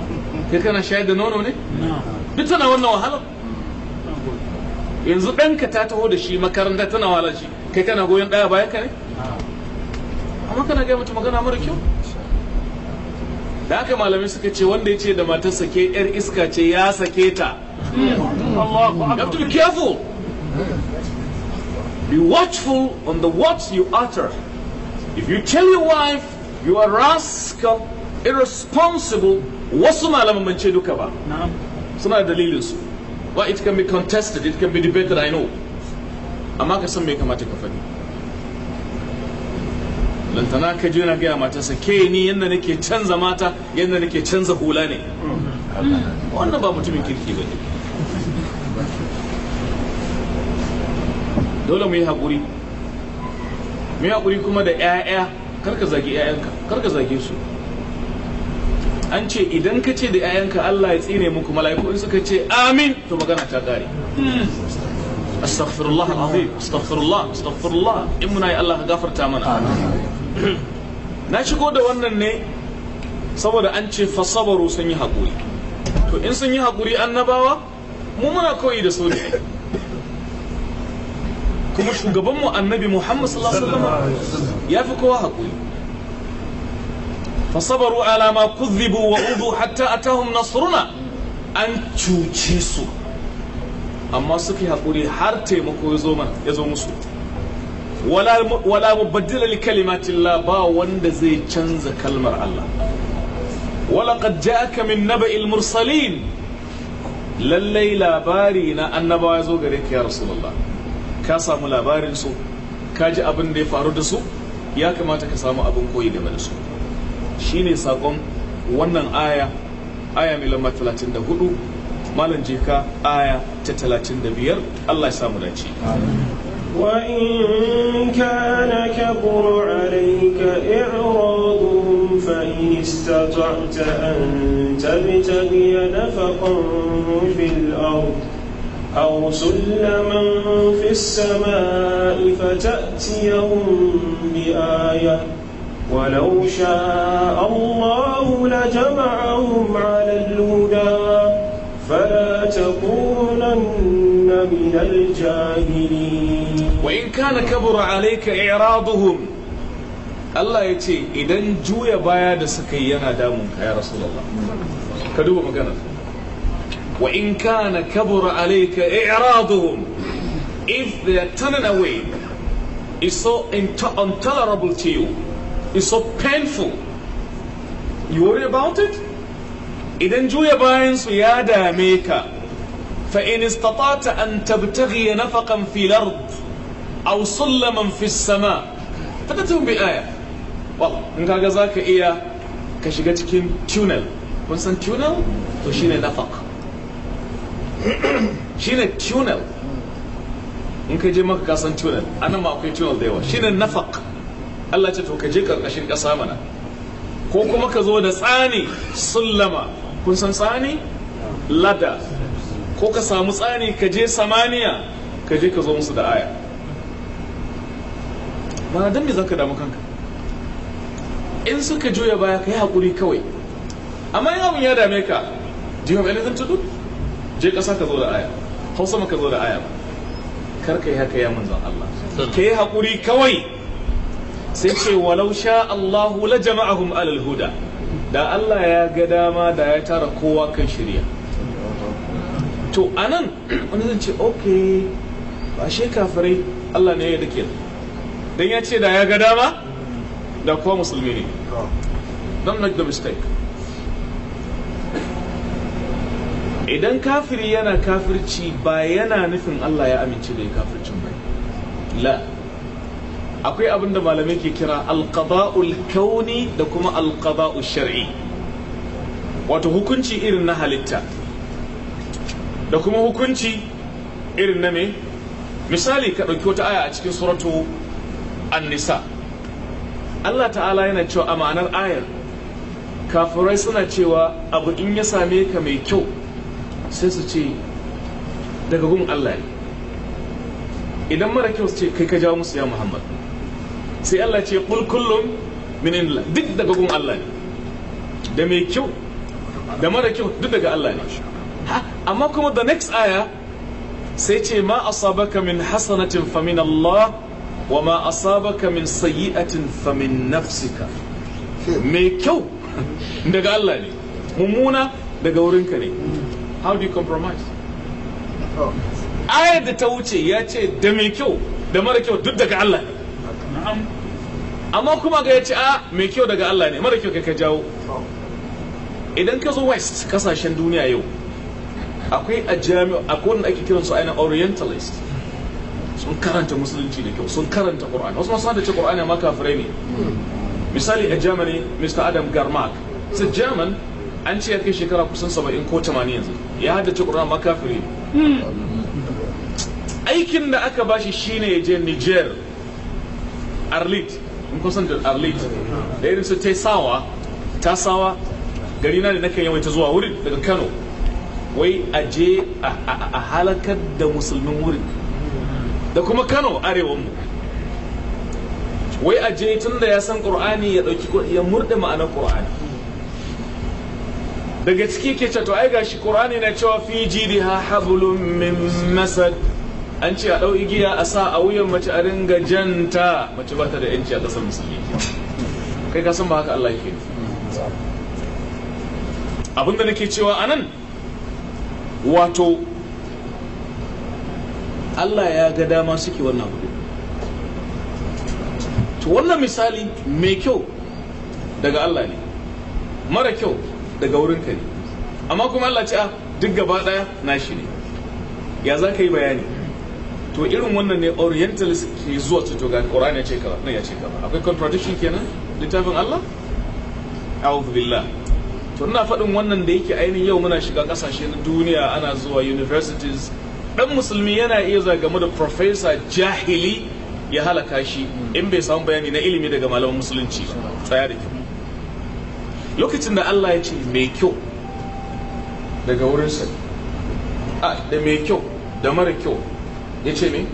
kai kana shayar da nono ne duk tana wannan wahalar yanzu ɗanka ta taho da shi makaranta tana wahalar shi kai kana goyon ɗaya bayan ka ne amma kana gaya mata magana mara kyau da haka malamai suka ce wanda ya ce da matar sake yar iska ce ya sake ta have to be careful be watchful on the words you utter if you tell your wife you are rascal irresponsible wasu malaman ban ce duka ba suna da dalilinsu well it can be contested it can be debated i know amma ka san me kamata ka faɗi lantana ka je na gaya matarsa ke ni yadda nake canza mata yadda nake canza hula ne wannan ba mutumin kirki ba ne dole mu yi haƙuri mu yi haƙuri kuma da 'ya'ya karka zagi 'ya'yanka karka zage su an ce idan ka ce da 'ya'yanka Allah ya tsine muku mala'iku in suka ce amin to magana ta kare hmm. astaghfirullah alazim astaghfirullah astaghfirullah in muna yi Allah ka gafarta mana na shigo da wannan ne saboda an ce fasabaru sun yi haƙuri to in sun yi haƙuri annabawa mu muna koyi da su ne kuma shugabanmu annabi Muhammad sallallahu alaihi wasallam ya fi kowa haƙuri fasabaru alama kuzibu wa udu hatta atahum nasruna an cuce su amma suke haƙuri har taimako ya zo musu wala mubaddila li kalimatillah ba wanda zai canza kalmar Allah wala qad ja'aka min naba mursalin lallai labari na annabawa ya zo gare ka ya rasulullah ka samu labarin su ka ji abin da ya faru da su ya kamata ka samu abin koyi game da su shine sakon wannan aya aya mai lamba 34 malam jika aya ta 35 Allah ya samu dace وإن كان كبر عليك إعراضهم فإن استطعت أن تبتغي نفقا في الأرض أو سلما في السماء فتأتيهم بآية ولو شاء الله لجمعهم على الهدى فلا تكونن من الجاهلين وإن كان كبر عليك إعراضهم idan juya baya da suka yi yana damun ka ka duba magana wa in kana kabura if they are turning away is so intolerable to you is so painful you worry about it idan juya bayansu ya dame ka fa in istata'ta an tabtaghi nafaqan fil ard aw sullaman fis sama tun bi aya wal in kaga zaka iya ka shiga cikin tunnel kun san tunnel to shine nafaq shine tunnel in ka je maka ka san tunnel anan ma akwai tunnel da yawa shine nafaq Allah ce to ka je karkashin ƙasa mana ko kuma ka zo da tsani sullama kun san tsani lada ko ka samu tsani ka je samaniya ka je ka zo musu da aya ba dan me ka damu kanka in suka juya baya ka yi haƙuri kawai amma in abin ya dame ka do you have anything to do je ƙasa ka zo da aya hausa ma ka zo da aya karka yi haka ya manzon Allah ka yi haƙuri kawai sai ce walau sha Allahu la jama'ahum alal huda da Allah ya ga dama da ya tara kowa kan shirya to anan wani zan ce okay ba she kafirai Allah ne ya dake dan ya ce da ya ga dama da kowa musulmi ne don't make the mistake idan kafiri yana kafirci ba yana nufin Allah ya amince da ya kafircin ba la akwai abin da malamai ke kira alqada'ul kauni da kuma alqada'ul shar'i wato hukunci irin na halitta da kuma hukunci irin na me misali ka ɗauki wata aya a cikin suratu an-nisa Allah ta'ala yana cewa ma'anar ayar kafirai suna cewa abu in ya same ka mai kyau sai su ce daga gun Allah ne idan mara kyau su ce kai ka jawo musu ya Muhammad sai Allah ce kul kullum min indillah duk daga gun Allah ne da mai kyau da mara kyau duk daga Allah ne amma kuma the next aya sai ce ma asabaka min hasanatin fa min Allah wa ma asabaka min sayyi'atin fa min nafsika mai kyau daga Allah ne mummuna daga wurinka ne how do you compromise oh. ayar da ta wuce ya ce da mai kyau da mara kyau duk daga Allah ne amma kuma ga ya ce a ah, mai kyau daga Allah ne mara kyau kai ka jawo idan ka zo west kasashen duniya yau akwai a jami'a a wanda ake su aina orientalist sun karanta musulunci da kyau sun karanta qur'ani wasu masu da ce ƙur'ani ma kafirai ne misali a germany mr adam garmak it's german an ce ya kai shekara kusan saba'in ko tamanin yanzu ya haddace ƙur'ani ma kafiri aikin da aka bashi shine ya je niger arlit in kusan da arlit da irin su ta sawa ta sawa gari na da nakan ta zuwa wurin daga kano wai a je a halakar da musulmin wurin da kuma kano arewan mu wai a je tun da ya san qur'ani ya dauki ya murda ma'anar qur'ani daga ciki ke ce to ai gashi qur'ani na cewa fi jidha hablum min masad an ce a ɗau igiya a sa a wuyan mace a ringa janta mace ba ta da yanci a ƙasar musulmi kai ka san ba haka Allah yake abinda nake cewa anan wato Allah ya ga dama suke wannan abu to wannan misali mai kyau daga Allah ne mara kyau daga wurin ka ne amma kuma Allah ce a ah, duk gaba ɗaya nashi ne ya za ka yi bayani to irin wannan ne orientalist ke zuwa su to ga Qur'an ya ce kama nan ya ce kama akwai contradiction kenan littafin Allah a'udhu billah to ina faɗin wannan da yake ainihin yau muna shiga ƙasashe na duniya ana zuwa universities dan musulmi yana iya zuwa game da professor jahili ya halaka shi in bai samu bayani na ilimi daga malaman musulunci tsaya da kyau lokacin da Allah ya ce mai kyau daga wurinsa ah, da mai kyau da mara kyau ya ce a yi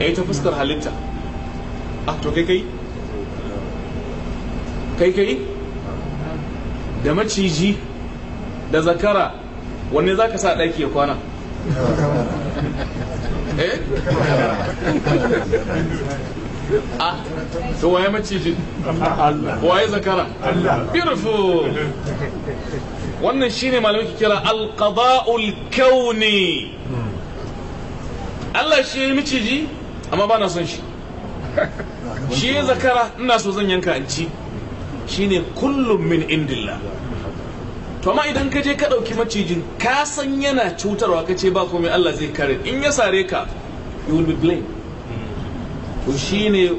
eh, ta fuskar halitta a ah, to kai kai kai kai da maciji da zakara wanne za ka sa ɗaki ya kwana eh a ah, to waye maciji waye zakara beautiful wannan shine malamai kira alqada'ul kauni Allah shi ya yi miciji amma ba na son shi shi ya zakara ina so zan yanka in ci ne kullum min indilla to amma idan ka je ka ɗauki macijin ka san yana cutarwa ka ce ba komai Allah zai kare in ya sare ka you will be blamed to ne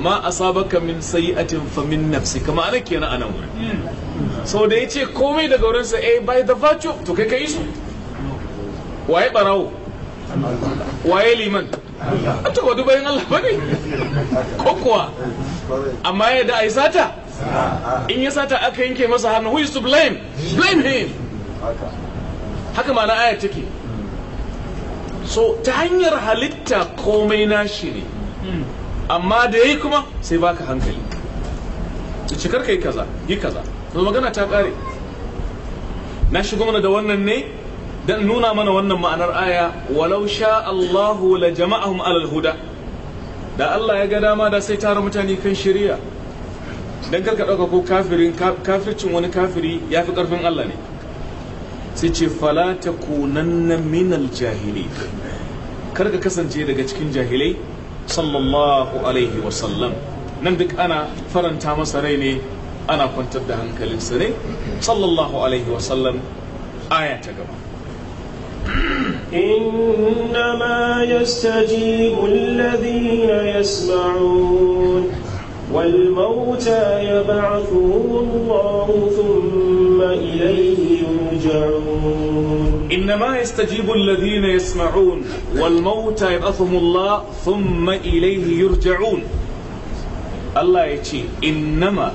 ma asabaka min sayi'atin fa min nafsi kama ana kenan anan wurin so da ya ce komai daga wurinsa eh by the virtue to kai ka yi su waye barawo waye liman a to wadu bayan Allah ba ne ko kuwa amma ya da ai sata in ya sata aka yanke masa hannu who is to blame blame him haka ma na aya take so ta hanyar halitta komai na shi ne amma da yayi kuma sai baka hankali cikar kai kaza yi kaza magana ta kare na shigo mana da wannan ne dan nuna mana wannan ma'anar aya walau sha Allahu la jama'ahum alal huda da Allah ya ga dama da sai tara mutane kan shari'a dan karka dauka ko kafirin kafircin wani kafiri yafi karfin Allah ne sai ce fala takunanna minal jahili karka kasance daga cikin jahilai sallallahu alaihi wa sallam nan duk ana faranta masa rai ne ana kwantar da hankalinsa ne sallallahu alaihi wa sallam aya ta gaba إنما يستجيب الذين يسمعون والموتى يبعثهم الله ثم إليه يرجعون إنما يستجيب الذين يسمعون والموتى يبعثهم الله ثم إليه يرجعون الله يتي إنما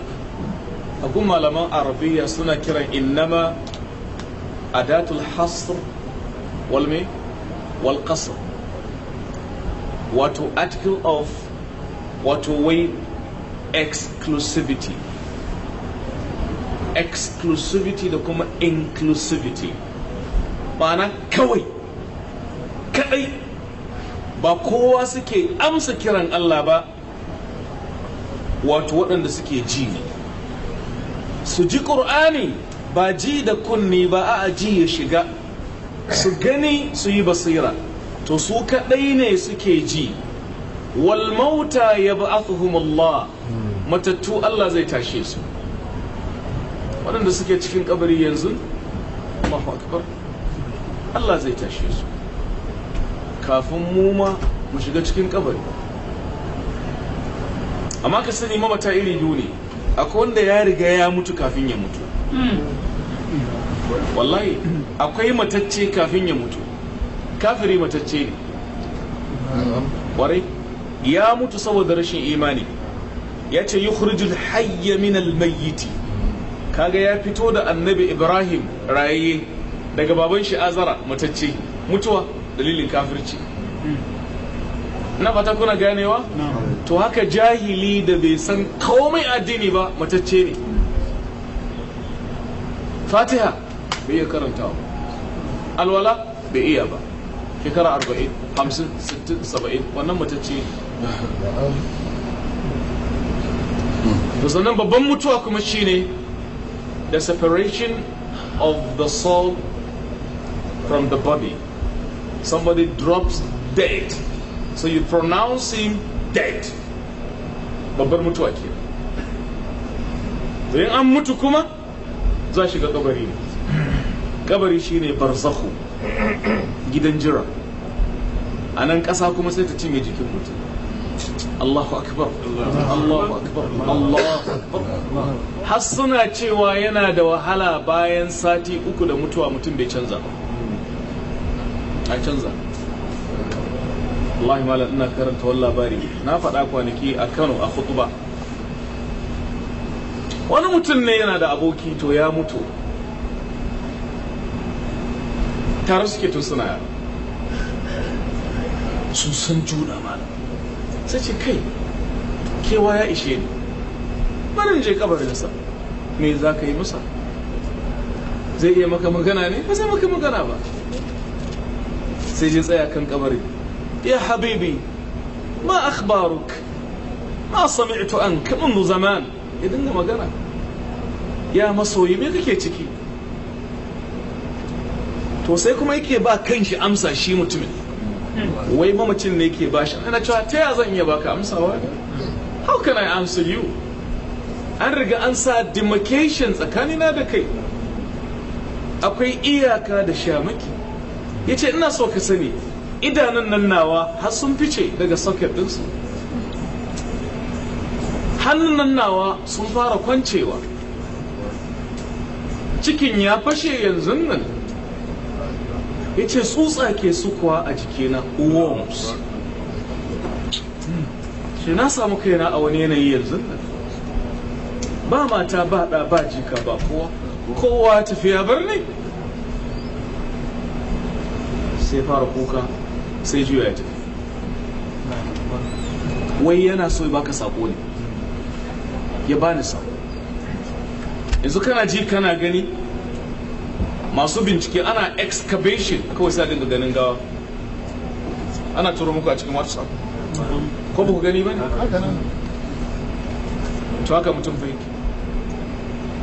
أقول ما لما عربية سنة كرا إنما أداة الحصر walme wato article of wato wai exclusivity exclusivity da kuma inclusivity ma'ana kawai kadai ba kowa suke amsa kiran Allah ba wato waɗanda suke ji ne su ji ƙur'ani ba ji da kunni ba a ji ya shiga su gani su yi basira to su kaɗai ne suke ji wal mauta ba Allah matattu Allah zai tashe su waɗanda suke cikin kabari yanzu Allahu Allah zai tashe su kafin mu ma mu shiga cikin kabari amma ka sani mamata iri biyu ne akwai wanda ya riga ya mutu kafin ya mutu hmm. wallahi akwai matacce kafin ya mutu kafiri matacce ne ƙwarai ya mutu saboda rashin imani ya ce yukhrijul hayya min almayyiti kaga ya fito da annabi ibrahim raye daga baban shi azara matacce mutuwa dalilin kafirci na fata kuna ganewa to haka jahili da bai san komai addini ba matacce ne fatiha bai karanta karantawa alwala bai iya ba shekara wannan to sannan babban mutuwa kuma shine the separation of the soul from the body somebody drops dead so you pronounce him dead babbar mutuwa ke to in an mutu kuma za shiga kabari ne kabari shine barzakhu gidan jira a nan ƙasa kuma sai ta cinye jikin mutum Allahu akbar Allahu akbar Allahu akbar har suna cewa yana da wahala bayan sati uku da mutuwa mutum bai canza ba a canza wallahi malam ina karanta wani labari na faɗa kwanaki a Kano a khutba wani mutum ne yana da aboki to ya mutu tare suke tun suna yara sun san juna malam sai ce kai kewa ya ishe ni barin je kabarinsa me za ka yi masa zai iya maka magana ne ba zai maka magana ba sai je tsaya kan kabari ya habibi ma akhbaruk ma sami'tu anka منذ zaman ya dinga magana ya masoyi me kake ciki to sai kuma yake ba kanshi amsa shi mutumin wai mamacin ne yake ba shi ana cewa ta ya zan iya baka amsawa how can i answer you an riga an sa demarcation tsakanina da kai akwai iyaka da shamaki ya ce ina so ka sani idanun nan nawa har sun fice daga socket ɗinsu hannun nan nawa sun fara kwancewa cikin ya fashe yanzu nan ya ce tsutsa ke sukuwa a jikina worms shi na samu kaina a wani yanayi yanzu ba mata ba ɗa ba jika ba kowa kowa tafiya birni sai fara kuka sai juya ya tafi wai yana so ya baka sako ne ya bani sako yanzu kana ji kana gani masu bincike ana excavation kawai sadin dinga ganin gawa ana turo muku a cikin whatsapp ko ba ku gani ba ne to haka mutum fa yake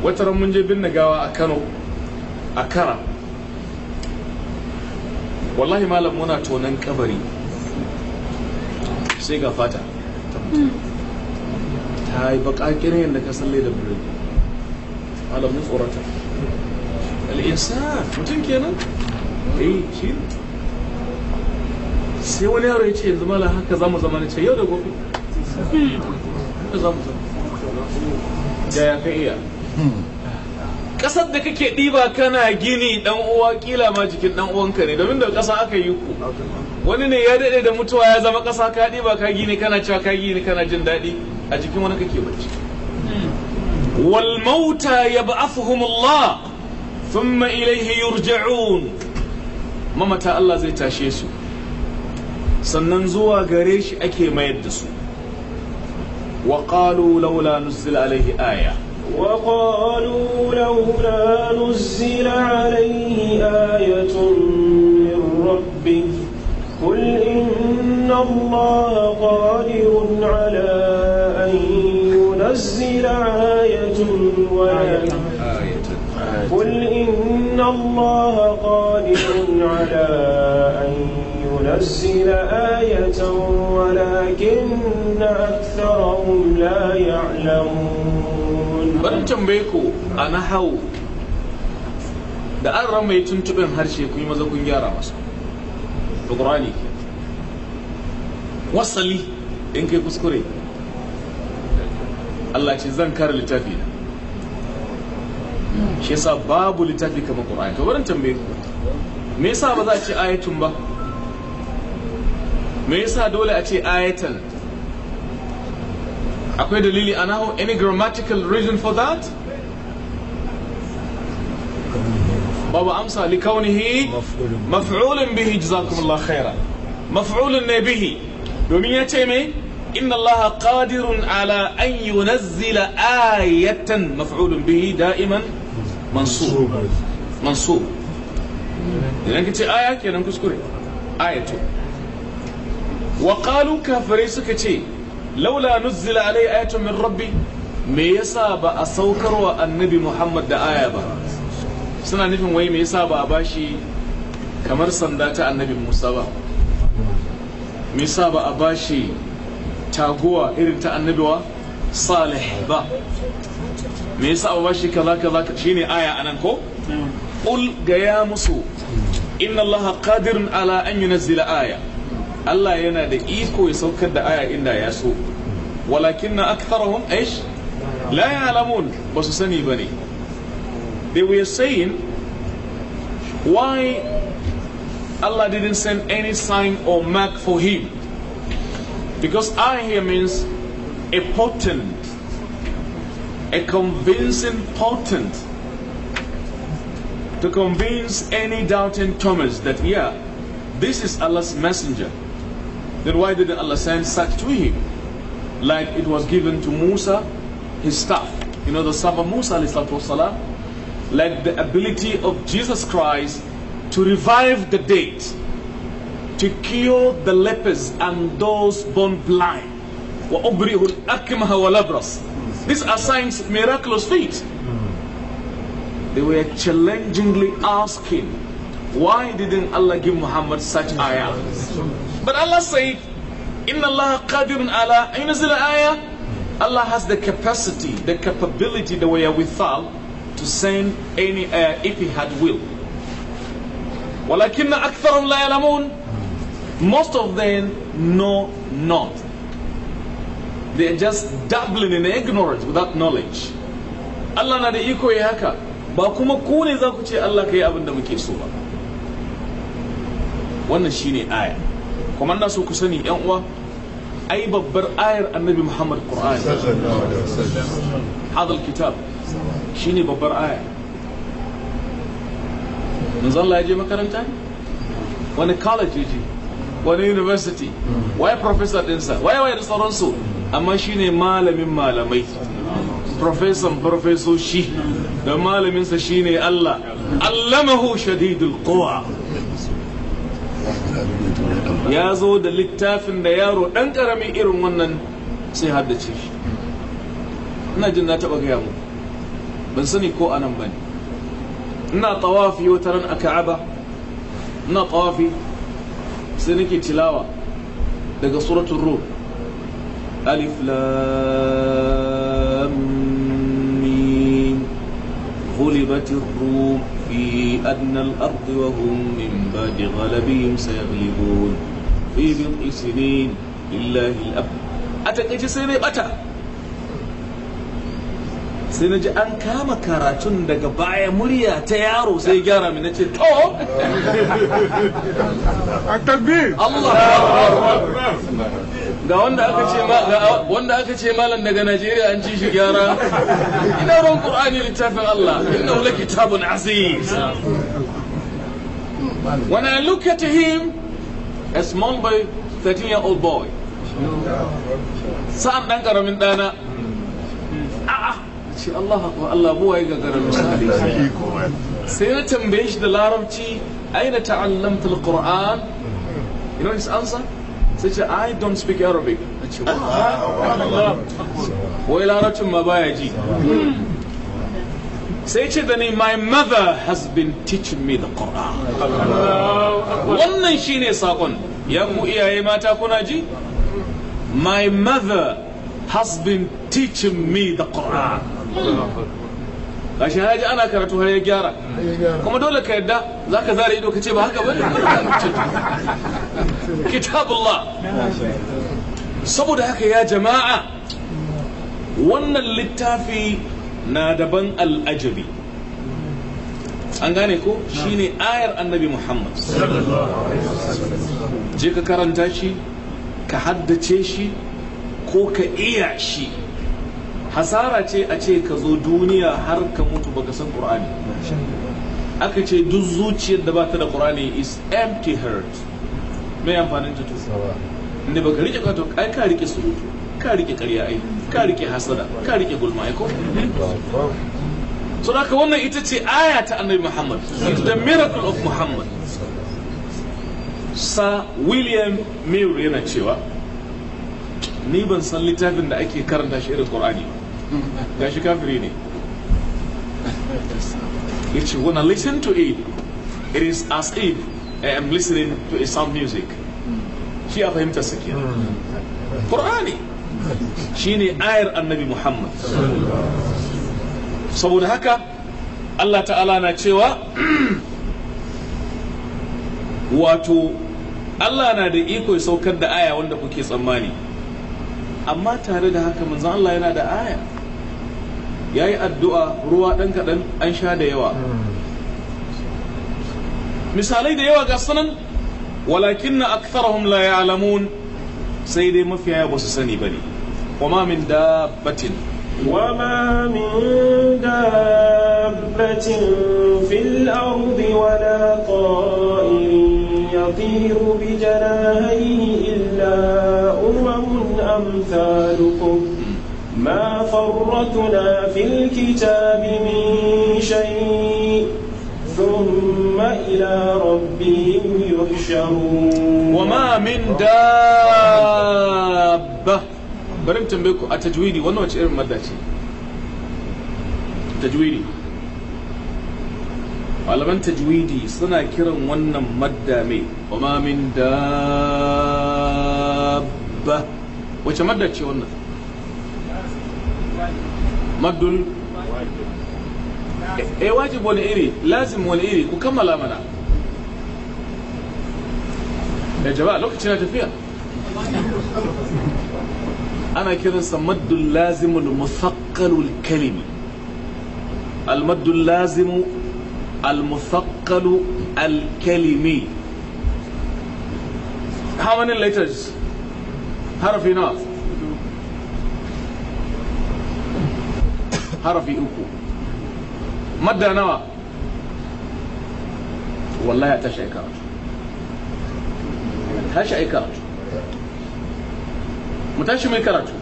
wata ran mun je binne gawa a kano a kara wallahi malam muna tonan kabari sai ga fata ta yi bakakin yadda ka salle da birni malam mun tsorata al'insan mutum kenan eh shi sai wani yaro ya ce yanzu mala haka za mu zama na ce yau da gobe haka za mu zama da ya kai iya kasar da kake ɗiba kana gini dan uwa kila ma jikin ɗan uwanka ne domin da ƙasa aka yi ku wani ne ya dade da mutuwa ya zama ƙasa ka ɗiba ka gini kana cewa ka gini kana jin daɗi a jikin wani kake bacci hmm. wal mauta yab'afuhumullah ثم إليه يرجعون ما متى الله زي تاشيسو سننزوا غريش أكي ما يدسو وقالوا لولا نزل عليه آية وقالوا لولا نزل عليه آية من ربه قل إن الله قادر على أن ينزل آية ولكن قل إن الله قادر على أن ينزل آية ولكن أكثرهم لا يعلمون بل تنبيكو أنا هو da an rama ya tuntuɓin harshe kun yi maza kun gyara masa da wasali in kai kuskure Allah ce zan kare littafi na shi yasa babu littafi kamar qur'ani to barin tambaye ku me yasa ba za a ce ayatun ba me yasa dole a ce ayatan akwai dalili a nahu any grammatical reason for that babu amsa likaunihi maf'ulun bihi jazakumullahu khaira maf'ulun ne bihi domin ya ce me inna allaha qadirun ala an yunazzila ayatan maf'ulun bihi da'iman mansub idan ka ce aya kenan kuskure ayatu wa qalu kafirai suka ce laula nuzzila alai ayatun min rabbi me yasa ba a saukarwa annabi muhammad da aya ba suna nufin wai me yasa ba a bashi kamar sanda ta annabi musa ba me yasa ba a bashi taguwa irin ta wa salih ba me yasa a bashi kaza kaza shine aya anan ko qul ga ya musu inna allah qadirun ala an yunzila aya Allah yana da iko ya saukar da aya inda ya so walakinna aktharuhum aish la ya'lamun basu sani bane they were saying why Allah didn't send any sign or mark for him because I here means a potent a convincing potent to convince any doubting Thomas that, yeah, this is Allah's messenger. Then why didn't Allah send such to him? Like it was given to Musa, his staff. You know, the of Musa, والسلام, like the ability of Jesus Christ to revive the dead, to cure the lepers and those born blind. These are signs, miraculous feats. They were challengingly asking, why didn't Allah give Muhammad such ayah? But Allah said, Inna Allah qadirun ala ayunazil ayah. Allah has the capacity, the capability, the way withal to send any ayah if He had will. وَلَكِنَّ aktharun لَا Most of them know not. they're just dabbling in ignorance without knowledge Allah na da iko ya haka ba kuma ku ne za ku ce Allah ka yi abin da muke so ba wannan shine aya kuma na so ku sani yan uwa ai babbar ayar annabi Muhammad Qur'ani hadal kitab shine babbar aya manzo Allah ya je makaranta wani college yaje. wani university hmm. waye professor dinsa waye waye da sauransu amma shine malamin malamai profesan profesoshi da malaminsa shine Allah allamahu shadidul quwa ya zo da littafin da yaro dan ƙaramin irin wannan sai haddace shi ina jin na taɓa gaya mu ban sani ko anan ne. ina tawafi wata ran a ka'aba ina tawafi sai nake tilawa daga suratul rum ألف لام غلبت الروم في أدنى الأرض وهم من بعد غلبهم سيغلبون في بضع سنين لله الأمر أتكيت سيري أتى sai na ji an kama karatun daga baya murya ta yaro sai gyara min nace to aktabi Allah ga wanda aka ce wanda aka ce malam daga Najeriya an ci shi gyara ina ran Qur'ani littafin Allah innahu lakitabun aziz when I look at him a small boy 13 year old boy sa'an dan karamin dana ce Allah wa Allah buwa waye gagarar misali sai na tambaye shi da larabci aina ta'allamta alquran you know his answer sai ce I don't speak Arabic a ce wai larabcin ma baya ji sai ce da ni my mother has been teaching me the Quran wannan shine sakon ya ku iyaye mata kuna ji my mother has been teaching me the Quran gashi haji ana karatu har ya gyara kuma dole ka yadda za ka zara ido ka ce ba haka ba kitabullah saboda haka ya jama'a wannan littafi na daban al'ajabi an gane ko shine ayar annabi muhammad je ka karanta shi ka haddace shi ko ka iya shi hasara ce a ce ka zo duniya har ka mutu baka san qur'ani aka ce duk zuciyar da bata da qur'ani is empty heart mai amfanin ta to inda baka rike ka to ai ka rike surutu ka rike ƙarya ai ka rike hasada ka rike gulma ai ko so haka wannan ita ce aya ta annabi muhammad it's the miracle of muhammad sir william mill yana cewa ni ban san littafin da ake karanta shi irin qur'ani ba ga shi kafiri ne if you wanna listen to it it is as if I am listening to a sound music shi a fahimta su ke ƙorani shi ne ayar annabi muhammad saboda haka allah ta'ala na cewa wato allah na da iko saukar da aya wanda kuke tsammani amma tare da haka manzan allah yana da aya ya yi addu'a ruwa ɗan kaɗan an sha da yawa misalai da yawa ga sanan walakin na aktharahum la ya'lamun sai dai mafiya ba su sani ba ne wama min dabbatin وما من دابة في الأرض ولا طائر يطير بجناهيه إلا أمم أمثالكم ما فرطنا في الكتاب من شيء ثم إلى ربهم يحشرون وما من دابة bari tambaye ku a tajwidi wannan wace irin madda ce tajwidi malaman tajwidi suna kiran wannan madda mai wa da ba. wace madda ce wannan مقدول اي إيه واجب ولا ايري لازم ولا ايري وكمل امنا يا جماعه لو كنتنا تفيا انا كده سمد اللازم المثقل الكلم المد اللازم المثقل الكلمي how many letters حرف ناس harafi uku madda nawa wallahi ta shaika ta shaika mu tashi yi karatu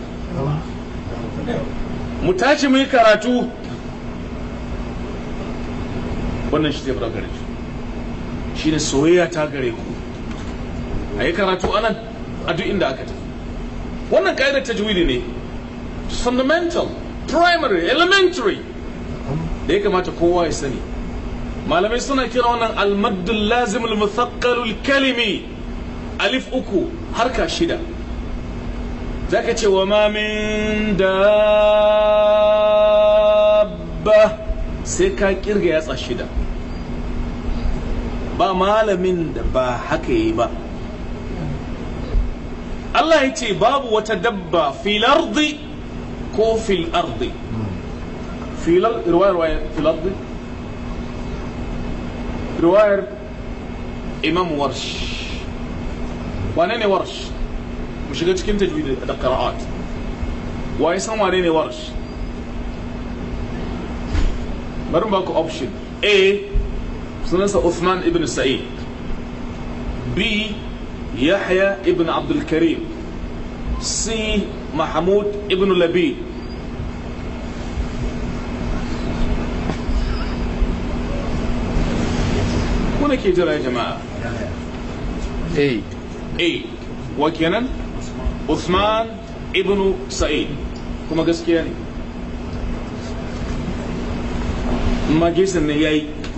mu tashi mu yi karatu wannan shi zai gare shi shine soyayya ta gare ku a yi karatu anan a duk inda aka ta wannan ƙa'idar tajwidi ne fundamental primary elementary da ya kamata kowa ya sani malamai suna kira wannan almaddul lazim al kalimi alif uku harka shida zaka ce wa ma min dabba sai ka kirga yatsa shida ba malamin da ba haka yi ba Allah ya ce babu wata dabba filardi يشقوا في الأرض في رواية رواية في الأرض رواية إمام ورش وانين ورش مش قلت كم تجويد القراءات ويسمى وانين ورش مرم باكو أوبشن A سنسى عثمان ابن سعيد B يحيى ابن عبد الكريم سي محمود ابن لبيد mu ke jira ya jama'a A. Eh. A. Eh. wa kenan Usman ibn Sa'id kuma gaskiya ne magisin ne yayi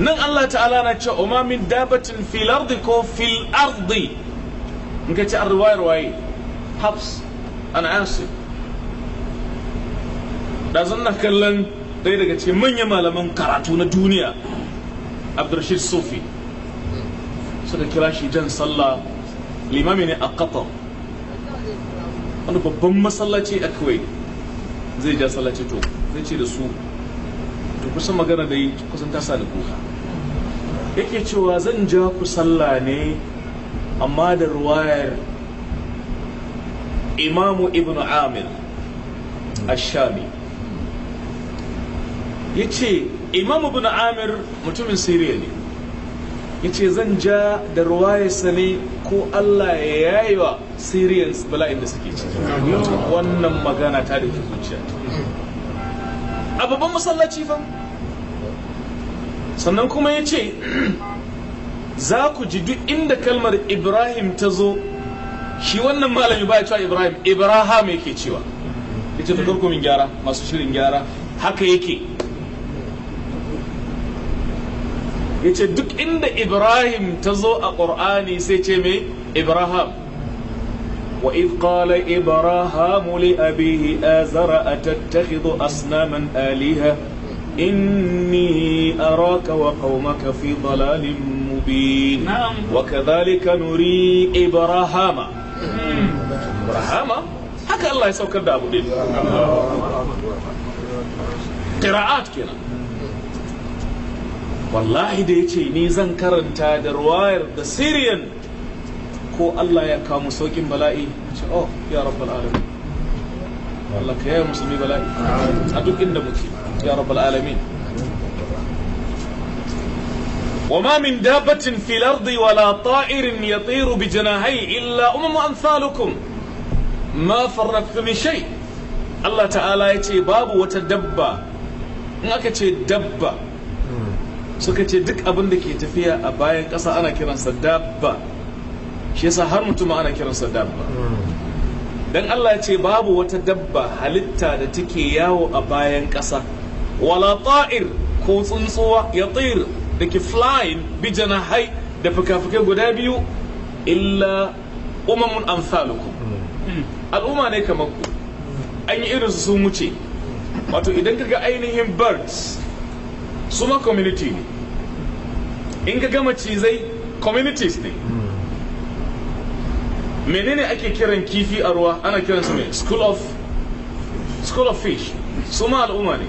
nan Allah ta'ala na ce umma min dabatin filardi ko fil ardi in ka ci arwayar waye habs an asif da na kallon ɗaya daga cikin manyan malaman karatu na duniya abdurrashid sufi suka kira shi jan sallah limami ne a qatar wani babban masallaci a kuwait zai ja sallaci to zai ce da su to kusan magana da yi kusan tasa da kuka yake cewa zan ja ku sallah ne amma da ruwayar imamu ibn amir ashami ya ce imamu ibn amir mutumin siriya ne ya ce zan ja da ruwayarsa ne ko Allah ya yayi wa Syrians bala'in da suke ciki wannan magana ta da zuciya a babban masallaci fa sannan kuma ya ce za ku ji duk inda kalmar ibrahim ta zo shi wannan malami ba ya cewa ibrahim ibrahim yake cewa ita ta kurkumin gyara masu shirin gyara haka yake ya ce duk inda ibrahim ta zo a ƙor'ani sai ce mai ibrahim wa idh qala ibrahim li abihi azara atattakhidhu asnaman aliha إني أراك وقومك في ضلال مبين نعم. وكذلك نري إبراهام إبراهام هكا الله يسوك أبو دين قراءات كنا والله دي ce ni zan karanta da ruwayar da siriyan ko Allah ya kawo saukin bala'i ce oh ya rabbal alamin Allah ka yaya a duk inda muke يا رب العالمين وما من دابة في الأرض ولا طائر يطير بجناهي إلا أمم أمثالكم ما فرقت من شيء الله تعالى يتي باب وتدبى هناك تدبى suka ce duk abin da ke tafiya a bayan ƙasa ana kiransa dabba shi yasa har mutuma ana kiransa dabba don Allah ya ce babu wata dabba halitta da take yawo a bayan ƙasa wala ta'ir ko tsuntsuwa ya tsir da ke flying bi janahai da fuka fuka guda biyu illa umamun amsalukum al'umma ne kamar ku an yi irinsu sun wuce wato idan kaga ainihin birds su ma community ne in ka gama cizai communities ne menene ake kiran kifi a ruwa ana kiransu mai school of school of fish su ma al'umma ne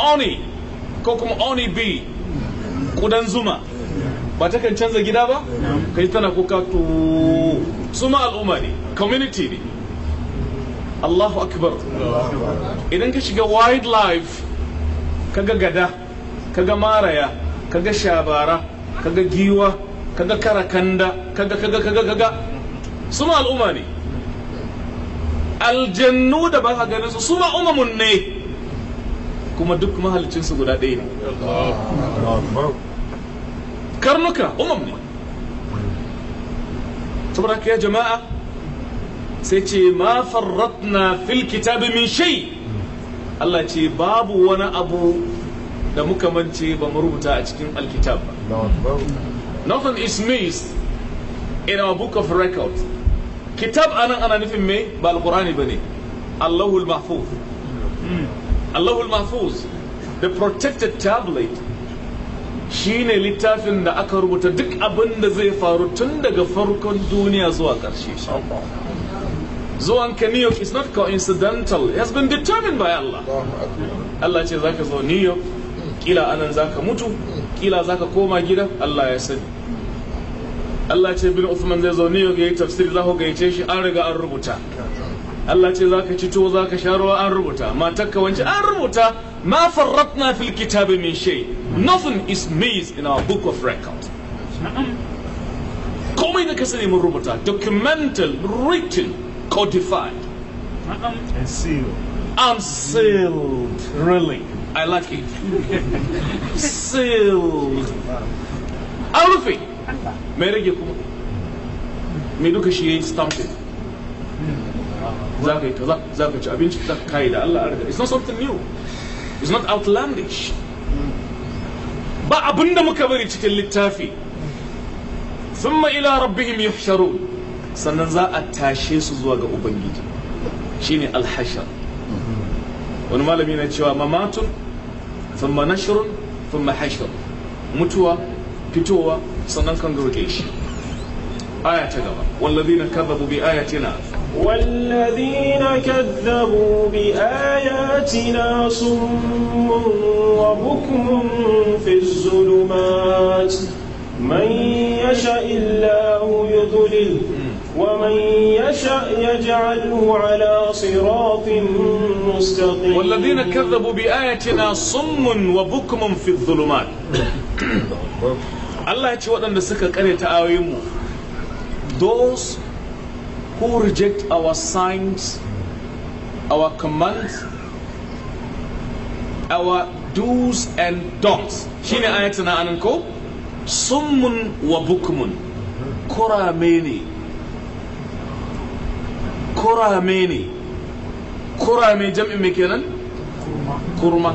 oni ko kuma oni b kudan zuma ba ta kan canza gida ba kai tana kuka to suma al'umma ne community ne Allahu akbar idan ka shiga wildlife kaga gada kaga maraya kaga shabara kaga giwa kaga karakanda kaga kaga kaga kaga suma al'umma ne aljannu da ba ka ganin su suma umamun ne kuma duk mahalicinsu guda ɗaya ne karnuka umam ne saboda ya jama'a sai ce ma farratna fil kitabi min shai Allah ce babu wani abu da muka mance ba mu rubuta a cikin alkitab ba nothing is missed in our book of record kitab anan ana nufin me ba alqur'ani bane Allahul mahfuz hmm. Allahul Mahfuz the protected tablet shine littafin da aka rubuta duk abin da zai faru tun daga farkon duniya zuwa ƙarshe zuwan ka New York is not coincidental it has been determined by Allah Allah ce zaka zo New York kila anan zaka mutu kila zaka koma gida Allah ya sani Allah ce bin Uthman zai zo New York ya yi tafsiri zaku gaice shi an riga an rubuta Allah ce zaka ci to zaka sha ruwa an rubuta matarka wance an rubuta ma farratna fil kitabi min shay nothing is missed in our book of record komai da ka sani mun rubuta documental written codified and sealed am sealed really I like it sealed an rufe mai rage kuma me duka shi yayi stamping za ka yi kaza za ka ci abinci za ka kayi da Allah arga it's not something new it's not outlandish ba abinda muka bari cikin littafi thumma ila rabbihim yuhsharun sannan za a tashe su zuwa ga ubangiji shine alhashar wani malami na cewa mamatun thumma nashrun thumma hashar mutuwa fitowa sannan kan gurge shi aya ta gaba wallazina kadhabu bi ayatina والذين كذبوا بآياتنا صم وبكم في الظلمات من يشاء الله يضلل ومن يشاء يجعله على صراط مستقيم والذين كذبوا بآياتنا صم وبكم في الظلمات الله يتشوى أن نسكك أن يتعاويمه those who reject our signs, our commands, our do's and don'ts. Shine ayata na anan ko? Summun wa bukmun. Kurame ne. Kurame ne. Kurame jam'i me kenan? Kurma.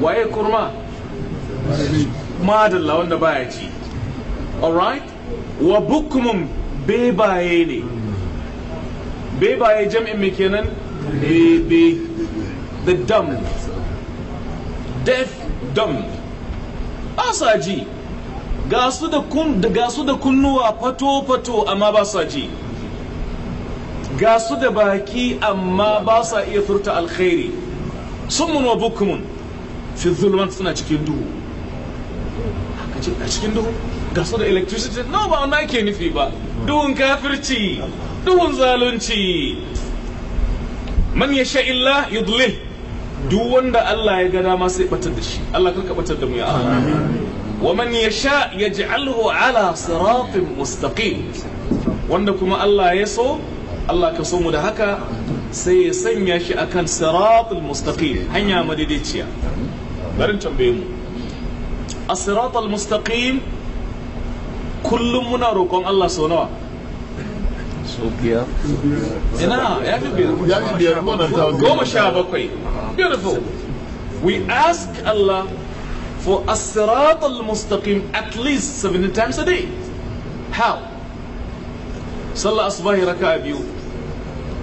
Waye kurma? Madalla wanda baya ji. Alright? Wa bukmun bebaye ne. bebaye jam'in mai kenan bebe the dumb deaf dumb ba sa ji ga su da kunnuwa fato-fato amma ba sa ji ga su da baki amma ba sa iya furta alkhairi sun mun wa bukumun fi zulman suna cikin duhu a cikin duhu that's not electricity no ba wannan ke nufi ba duhun kafirci duhun zalunci man sha illa yudli duk wanda Allah ya ga dama sai batar da shi Allah kanka batar da mu ya Allah wa man yaj'alhu ala siratin mustaqim wanda kuma Allah ya so Allah ka so mu da haka sai ya sanya shi akan siratul mustaqim hanya madaidaiciya barin tambaye mu as-siratul mustaqim kullum muna roƙon Allah sau nawa biyar ina ya fi biyar goma sha bakwai beautiful we ask Allah for as-sirat al-mustaqim at least 70 times a day how صلى أصباهي ركع بيو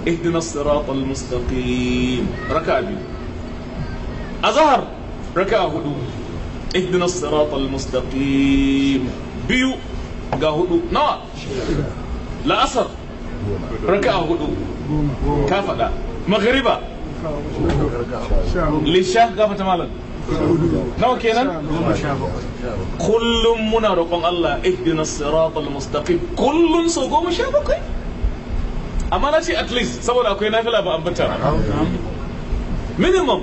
اهدنا الصراط المستقيم ركع بيو أظهر ركع هدو اهدنا الصراط المستقيم بيو ga hudu nawa la'asar raka'a hudu ka faɗa magariba lisha gafata malam nawa kenan kullum muna roƙon Allah ihdina siratal mustaqim kullum sau goma sha bakwai amma na ce at least saboda akwai nafila ba ambata minimum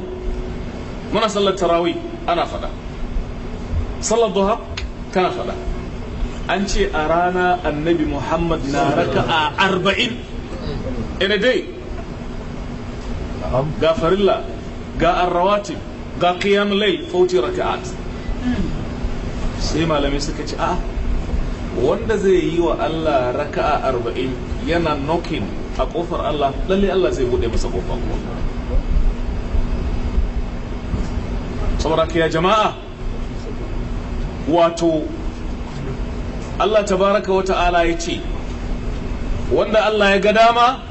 muna sallar tarawih ana faɗa sallar duha tana faɗa an ce a rana annabi muhammad na raka a arba'in in a day ga farilla ga arrawati ga qiyam layl 40 raka'at sai malamai suka ce a wanda zai yi wa Allah raka'a arba'in yana knocking a kofar Allah lalle Allah zai bude masa kofar saboda ya jama'a wato Allah tabaraka wa ta'ala ya ce wanda Allah ya ga dama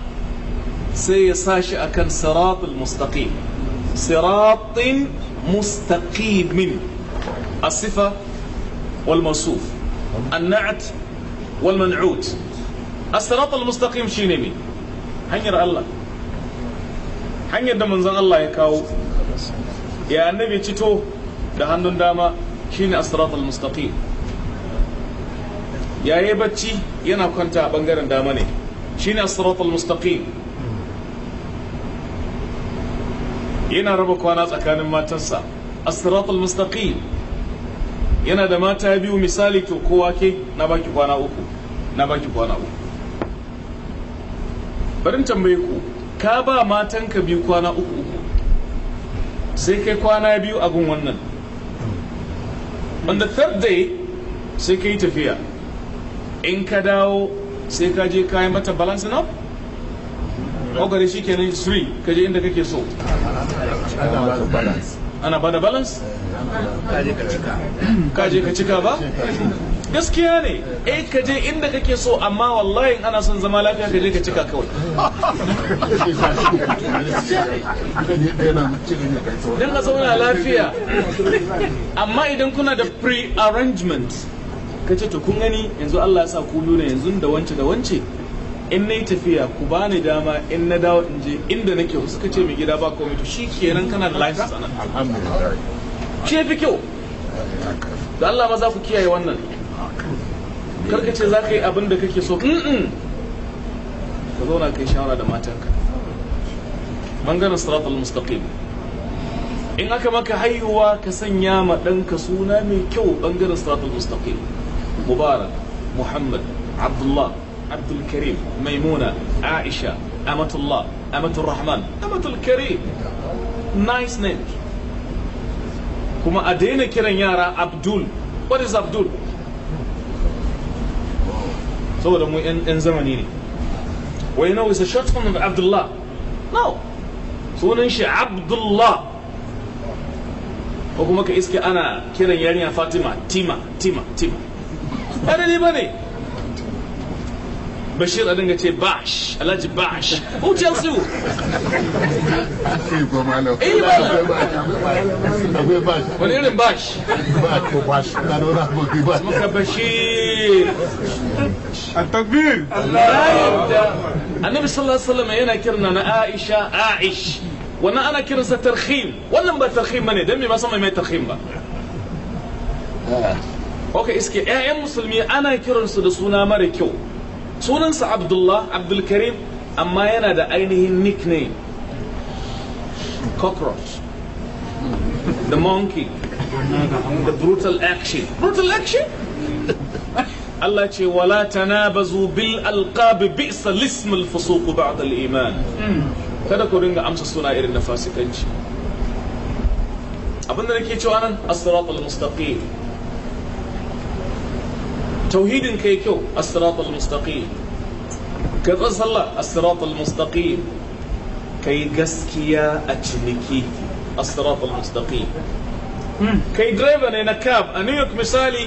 sai ya sashi akan siratul mustaqim siratin mustaqimin asifa wal masuf annat wal man'ut as-siratul mustaqim shine me hanyar Allah hanyar da manzon Allah ya kawo ya annabi cito da hannun dama shine as-siratul mustaqim yayi bacci yana kwanta a bangaren dama ne shine as-siratal mustaqim yana raba kwana tsakanin matansa as-siratal mustaqim yana da mata biyu misali to kowa ke na baki kwana uku na baki kwana uku barin tambaye ku ka ba matanka biyu kwana uku uku sai kai kwana biyu a gun wannan on the third day sai kai tafiya in ka dawo sai ka je ka yi mata balancing up ogare shi kenan sri ka je inda kake so ana bada balance ka je ka cika ba gaskiya ne eh ka je inda kake so amma wallahi ana son zama lafiya ka je ka cika kawai dan ka zauna lafiya amma idan kuna da pre-arrangement ka ce to kun gani yanzu Allah ya sa ku biyu ne yanzu da wance da wance in na yi tafiya ku ba ni dama in na dawo in je inda nake suka ce mai gida ba komai to shi kana da lafiya alhamdulillah kefi fi kyau da Allah ma za ku kiyaye wannan karka ce za ka yi abin da kake so ka zauna kai shawara da matanka bangaren sirat al-mustaqim in aka maka haihuwa ka sanya ma ɗanka suna mai kyau bangaren sirat al-mustaqim مبارك محمد عبد الله عبد الكريم ميمونة عائشة أمة الله أمة الرحمن أمة الكريم nice name kuma a daina kiran yara what is abdul saboda mu yan zamani ne wai no is a short form of abdullah no So we abdullah ko Abdullah. ka iske ana kiran yarinya fatima tima tima tima ba ne ba ne bashir a dinga ce bash alhaji bash who tells you wani irin bash muka bashir a takbir annabi sallallahu alaihi wasallam yana kirna na aisha aish wannan ana kiransa tarhim wannan ba tarhim bane dan me ba san mai tarhim ba okay iske 'ya'yan musulmi ana kiransu da suna mara kyau sunansa abdullah abdulkarim amma yana da ainihin nickname cockroach the monkey the brutal action brutal action Allah ce wala tanabazu bil alqab bi'sa lism al fusuq ba'd al iman kada ku ringa amsa suna irin na fasikanci abinda nake cewa nan as-sirat al mustaqim tauhidin kai kyau as-siratal mustaqim ka sallah as-siratal mustaqim kai gaskiya a ciniki as-siratal mustaqim hmm. kai direba ne na cab a New York misali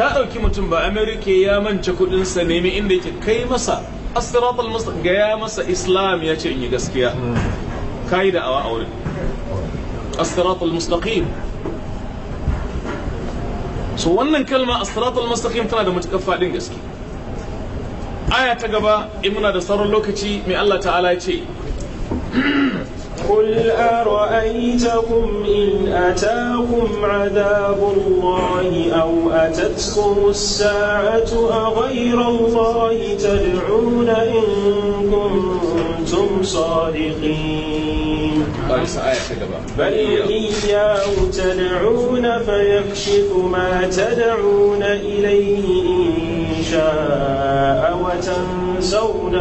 ka ɗauki mutum ba Amerika ya manta kuɗinsa nemi inda yake kai masa as-siratal mustaqim ya masa islam ya ce in yi gaskiya hmm. da awa a so wannan kalma as-siratal mustaqim tana da matukar fadin gaske aya ta gaba in muna da sauran lokaci mai Allah ta'ala ya ce قل أرأيتكم إن أتاكم عذاب الله أو أتتكم الساعة أغير الله تدعون إن كنتم صادقين بل إياه تدعون فيكشف ما تدعون إليه إن شاء وتنسون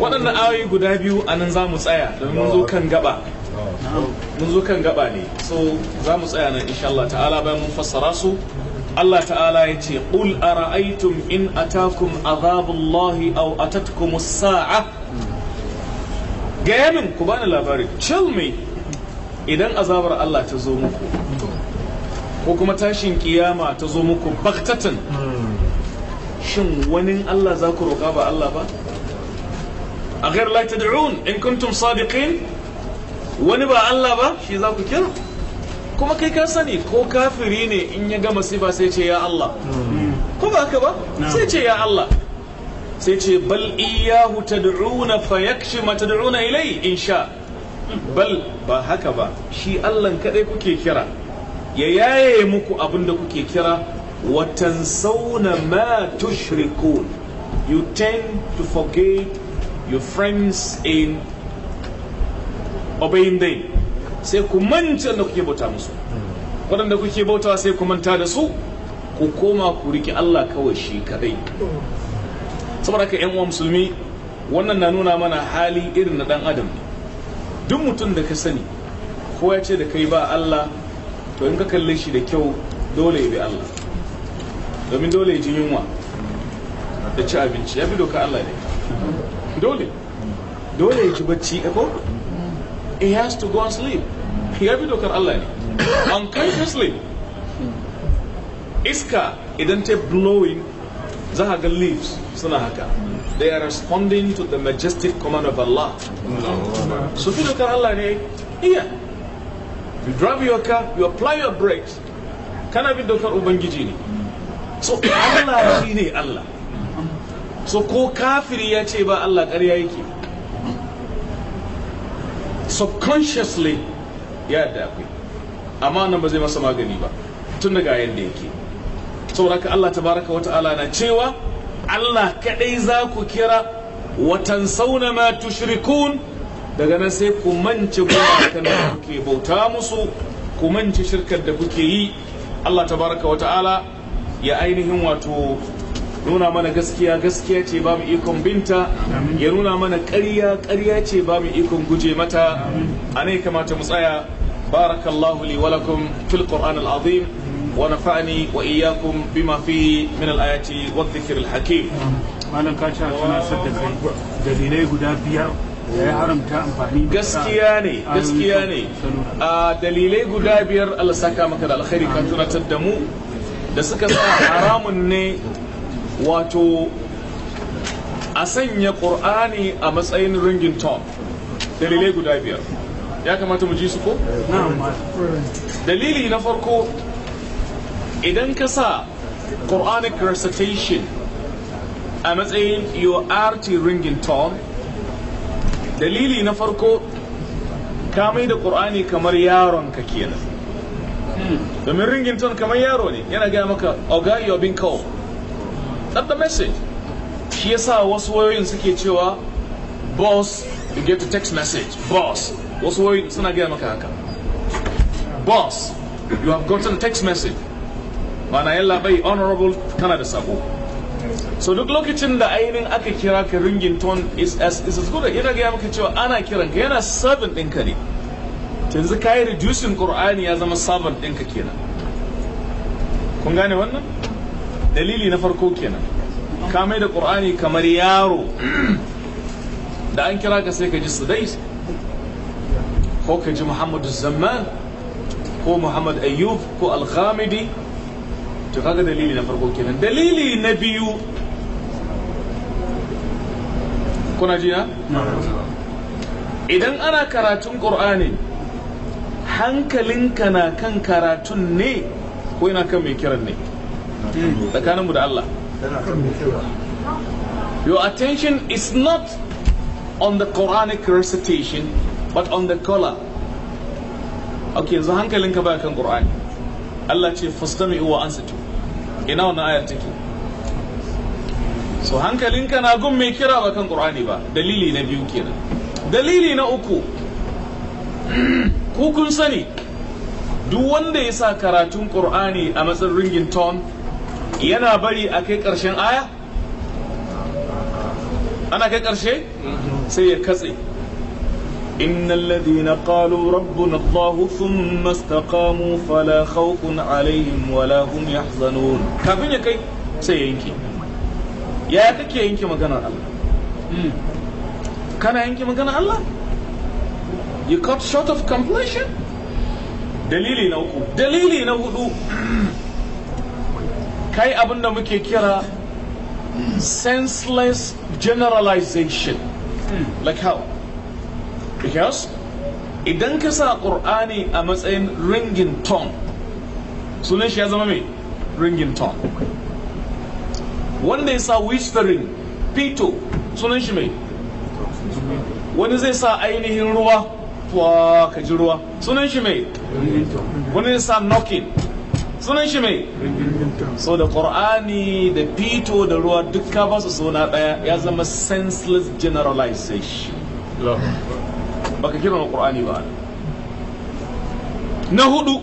waɗannan ayoyi guda biyu a nan za mu tsaya don mun zo kan gaba mun zo kan gaba ne so za mu tsaya nan insha Allah ta'ala bayan mun fassara su Allah ta'ala ya ce qul ara'aytum in atakum azabullahi au atatkum saa gaya min ku bani labari tell me idan azabar Allah ta zo muku ko kuma tashin kiyama ta zo muku baktatan hmm. shin wani Allah za ku roƙa ba Allah ba a ghair la tad'un in kuntum sadiqin wani ba Allah ba shi za ku kira kuma kai ka sani ko kafiri ne in ya gama sifa sai ce ya Allah ko ba haka ba sai ce ya Allah sai ce bal iyahu tad'una fayakshi ma tad'una ilai insha bal ba haka ba shi Allah kadai kuke kira ya yaye muku abin da kuke kira watansauna ma tushrikun You tend to forget your friends in obeying them. Sai ku manta da kuke bauta musu. Waɗanda kuke bautawa sai ku manta da su, ku koma ku riki Allah kawai shi kaɗai. Saboda ka ‘yan uwa musulmi, wannan na nuna mana hali irin na dan adam Duk mutum da ka sani, ko ya ce da kai ba Allah, to in ka kalle shi da kyau dole ya bi Allah. domin dole ya ji yunwa da ci abinci ya bi doka Allah ne dole dole ya ji bacci eh ko he has to go and sleep ya bi dokar Allah ne unconsciously iska idan ta blowing za ga leaves suna haka they are responding to the majestic command of Allah so bi dokar Allah ne iya you drive your car you apply your brakes kana bi dokar ubangiji ne so Allah shi ne Allah so ko kafiri ya ce ba Allah ƙarya yake subconsciously ya da akwai amma nan ba zai masa magani ba tun daga yadda yake saboda haka Allah baraka wata ala na cewa Allah kadai za ku kira watan sauna ma tushrikun daga nan sai ku mance gumakan da kuke bauta musu ku mance shirkar da kuke yi Allah baraka wata ala. ya ainihin wato nuna mana gaskiya gaskiya ce ba mu ikon binta ya nuna mana ƙarya ƙarya ce ba mu ikon guje mata a ne kamata mu tsaya barakallahu li walakum fil qur'an al-azim wa nafa'ani wa iyyakum bima fi min al-ayati wa dhikr al-hakim malam ka sha tana sadda kai dalilai guda biyar ya haramta amfani gaskiya ne gaskiya ne a dalilai guda biyar Allah saka maka da alkhairi ka tunatar da mu da suka sa haramun ne wato a sanya ƙur'ani a matsayin ringin tom dalilai guda biyar ya kamata mu ji su ko? dalili na farko idan ka sa quranic recitation a matsayin your rt ringing tone dalili na farko ka mai da ƙur'ani kamar yaron ka kenan domin ringington kamar yaro ne yana gaya maka oga oh, you bin called that's the message shi yasa wasu wayoyin suke cewa boss you get a text message boss wasu wayoyin suna gaya maka haka boss you have gotten a text message mana yalla bai honorable kana da sako so duk lokacin da ainihin aka kira ka ringington is as is as good yana gaya maka cewa ana kiranka yana serving ɗinka ne yanzu ka yi reducing qur'ani ya zama sabon ɗinka kenan kun gane wannan dalili na farko kenan ka mai da qur'ani kamar yaro da an kira ka sai ka ji sudai ko ka ji muhammadu zaman ko muhammad ayyub ko alhamidi to kaga dalili na farko kenan dalili na biyu kuna ji na idan ana karatun qur'ani hankalinka na kan karatun ne ko yana kan mai kiran ne tsakaninmu da Allah your attention is not on the Quranic recitation but on the color ok yanzu hankalinka baya kan Qur'ani Allah ce uwa an sito ina wannan ayar take so hankalinka na gun mai kira ba kan Qur'ani ba dalili na biyu kenan dalili na uku ku sani duk wanda ya sa karatun ƙur'ani a matsayin ringin ton yana bari a kai ƙarshen aya? ana kai ƙarshe? sai ya katse innan ladina ƙalu rabbu na allahu sun mastakamu falakhaukun alayhim walahum ya zanon kafin ya kai sai yanki ya kake yanki maganar allah kana yanki maganar allah? you cut short of completion dalili na uku dalili na hudu kai abin da muke kira senseless generalization like how because idan ka sa ƙur'ani a matsayin ringing tone sunan shi ya zama mai ringing tone wanda ya sa whispering pito sunan shi mai wani zai sa ainihin ruwa fuwa ka ji ruwa sunan shi mai wani sa knocking sunan shi mai so da qur'ani da fito da ruwa duka ba su suna daya ya zama senseless generalization baka kira na qur'ani ba na hudu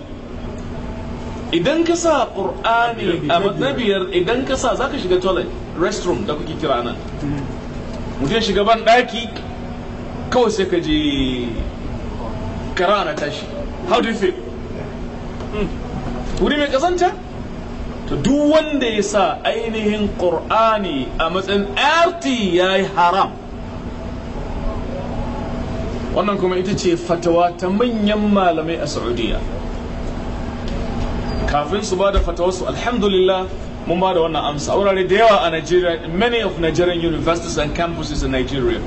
idan ka sa qur'ani a biyar. idan ka sa zaka shiga toilet restroom da kuke kira nan mutum shiga ban daki kawai sai ka je kara ana tashi how do you feel hmm. wuri mai kazanta to duk wanda ya sa ainihin qur'ani a matsayin rt ya yi haram wannan kuma ita ce fatawa ta manyan malamai a saudiya kafin su ba da fatawarsu alhamdulillah mun ba da wannan amsa wurare da yawa a nigeria many of nigerian universities and campuses in nigeria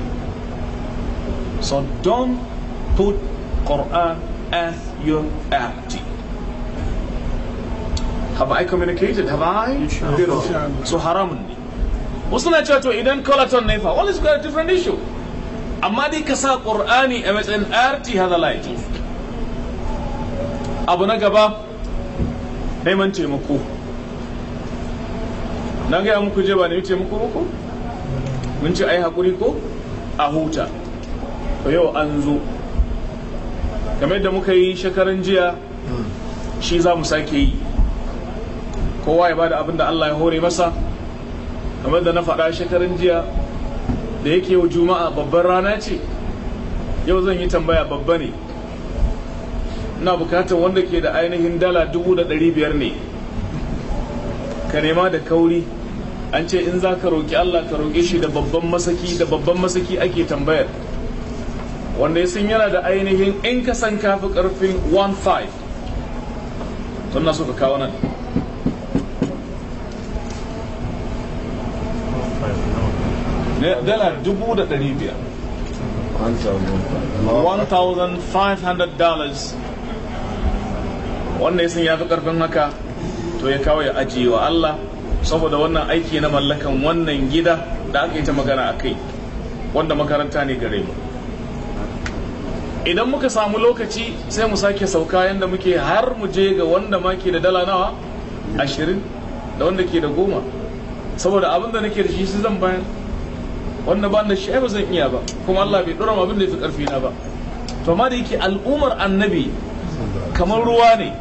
so don't put Quran as you empty. Have I communicated? Have I? So haramun ne. Wasu na cewa to idan kolaton ne fa, well it's got a different issue. Amma dai ka sa Qur'ani a matsayin arti hada laifi. Abu na gaba, neman taimako. Na gaya muku je ba nemi taimako muku? Mun ce ai haƙuri ko? A huta. yau an zo kamar da muka yi shekaran jiya shi za mu sake yi kowa ya bada abin da Allah ya hore masa kamar da na faɗa shekaran jiya da yake yau juma'a babban rana ce yau zan yi tambaya babba ne na bukatar wanda ke da ainihin dala dubu da ɗari biyar ne ka nema da kauri an ce in za ka roƙi Allah ka roƙe shi da babban masaki da babban masaki ake tambayar wanda ya sun yana da ainihin in ka san kafi karfin 1-5 tun na ka kawo nan 1,500 dollars wanda ya sun ya karfin haka to ya kawo ya ajiye wa Allah saboda wannan aiki na mallakan wannan gida da aka yi ta magana a kai wanda makaranta ne gare mu idan muka samu lokaci sai mu sake sauka yadda muke har mu je ga wanda ma ke da dala nawa ashirin da wanda ke da goma saboda abin da nake da shi zan bayar wanda ba da shi ba zan iya ba kuma Allah bai dora abin da ya fi karfi na ba to amma da yake al'ummar annabi kamar ruwa ne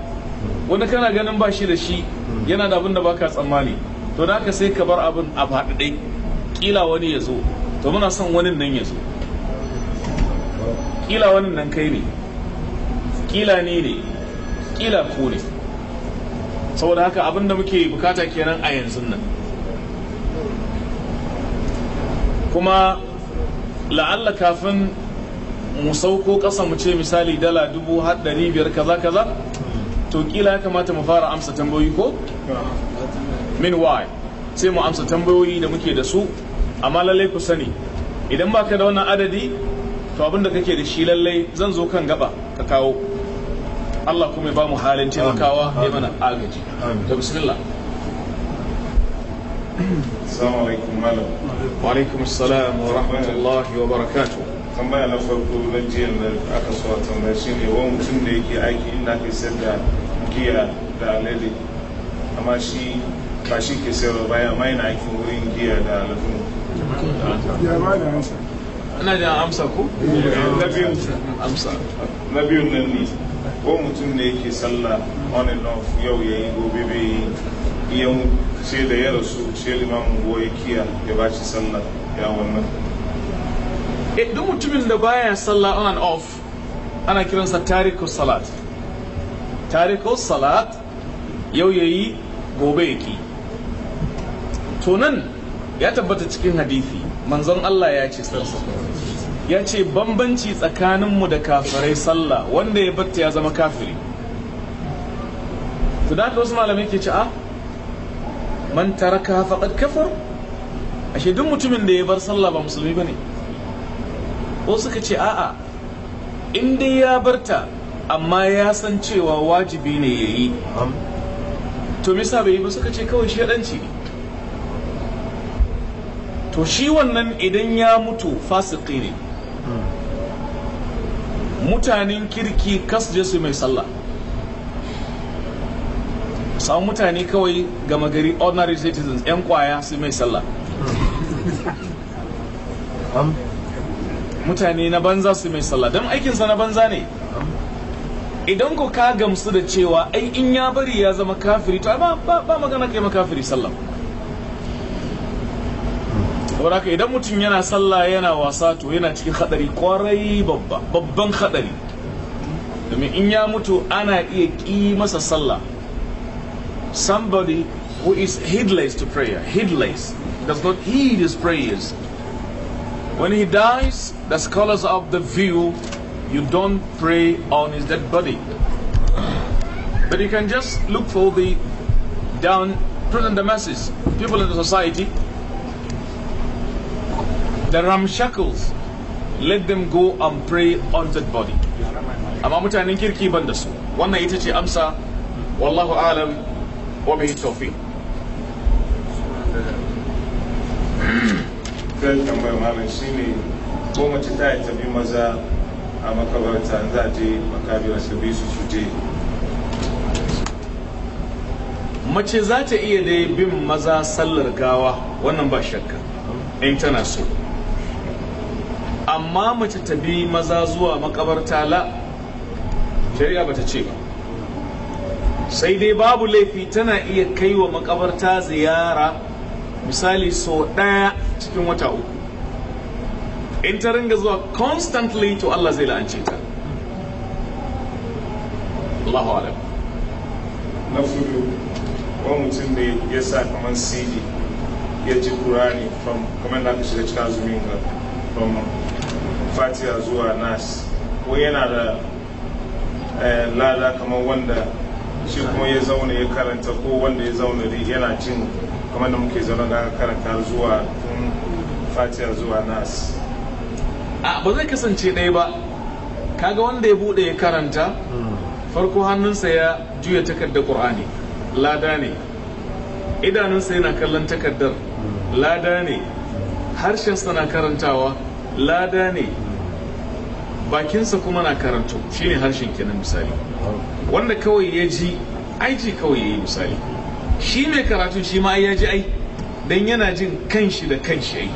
wanda kana ganin ba shi da shi yana da abinda da baka tsammani to da haka sai ka bar abin a faɗaɗe kila wani ya zo to muna son wani nan ya zo kila wannan kai ne kila ne ne kila ku ne saboda haka abinda muke bukata kenan a yanzu nan kuma la'alla kafin mu sauko ƙasa mu ce misali dala dubu haɗari biyar kaza kaza to kila ya kamata mu fara amsa tambayoyi ko? min why sai mu amsa tambayoyi da muke da su amma lalai ku sani idan baka da wannan adadi to abin abinda kake da shi lallai zan zo kan gaba ka kawo Allah kuma ya ba mu halin taimakawa ya mana agaji da bismillah Assalamu alaikum malam wa alaikum assalam wa rahmatullahi wa barakatuh tambaya na farko na jiya da aka so a tambaya shine wani mutum da yake aiki inda ke sayar da giya da alade amma shi ba shi ke sayar sayarwa bayan ma yana aikin wurin giya da alade ina da amsa ko na biyun amsa na biyun nan ne ko mutum ne yake sallah on and off yau ya yi gobe bai yi iya sai da ya rasu sai limamin goye kiya ya ba shi sallah ya wannan e duk mutumin da baya sallah on and off ana kiransa tariku salat tariku salat yau ya yi gobe yaki to nan ya tabbata cikin hadithi manzon Allah ya ce ya ce bambanci tsakaninmu da kafirai sallah wanda ya batta ya zama kafiri su da wasu malamai ke ci a ah, man taraka faqad kafar ashe duk mutumin da ya bar sallah ba musulmi bane ko suka ce a'a in dai ya barta amma ya san cewa wajibi ne yayi to misa bai yi ba suka ce kawai shedanci ne to shi wannan idan ya mutu fasiki ne mutanen kirki kas su mai sallah samu mutane kawai gama gari ordinary citizens 'yan kwaya su mai sallah mutane na banza su mai sallah don aikinsa na banza ne idan ku ka gamsu da cewa ai in ya bari ya zama kafiri to ba magana kai makafiri sallah saboda haka idan mutum yana sallah yana wasa to yana cikin hadari kwarai babba babban hadari domin in ya mutu ana iya ƙi masa sallah somebody who is heedless to prayer heedless does not heed his prayers when he dies the scholars of the view you don't pray on his dead body but you can just look for the down present the masses people in the society the ramshackles let them go and pray on that body amma mutanen kirki ban da su wannan ita ce amsa wallahu alam wa bihi tawfiq kan tambayar malam shine ko mace ta yi tafi maza a makabarta za ta yi makabira su bi su su mace za ta iya dai bin maza sallar gawa wannan ba shakka in tana so amma mace ta bi maza zuwa makabarta la shari'a bata ce ba sai dai babu laifi tana iya kai wa makabarta ziyara misali sau ɗaya cikin wata uku in ta ringa zuwa constantly to Allah zai la'ance ta Allahu alam na fudu wa mutum da ya sa kamar CD ya ji kurani from kamar da aka shiga cikin azumin ga from fatiha zuwa nas ko yana da eh, lada kamar wanda shi kuma ya zauna ya karanta ko wanda ya zauna yana cin kamar da muke zaune da karanta zuwa tun fatiha zuwa nas a ba zai kasance ɗaya ba kaga wanda ya buɗe ya karanta farko hannunsa ya juya takardar ƙur'ani lada ne idanunsa yana kallon takardar lada ne harshensa na karantawa lada ne bakinsa kuma na karanto shine harshen kenan misali wanda kawai ya ji aiki kawai ya yi misali shi mai karatu shi ma ya ji ai don yana jin kanshi da kanshi ai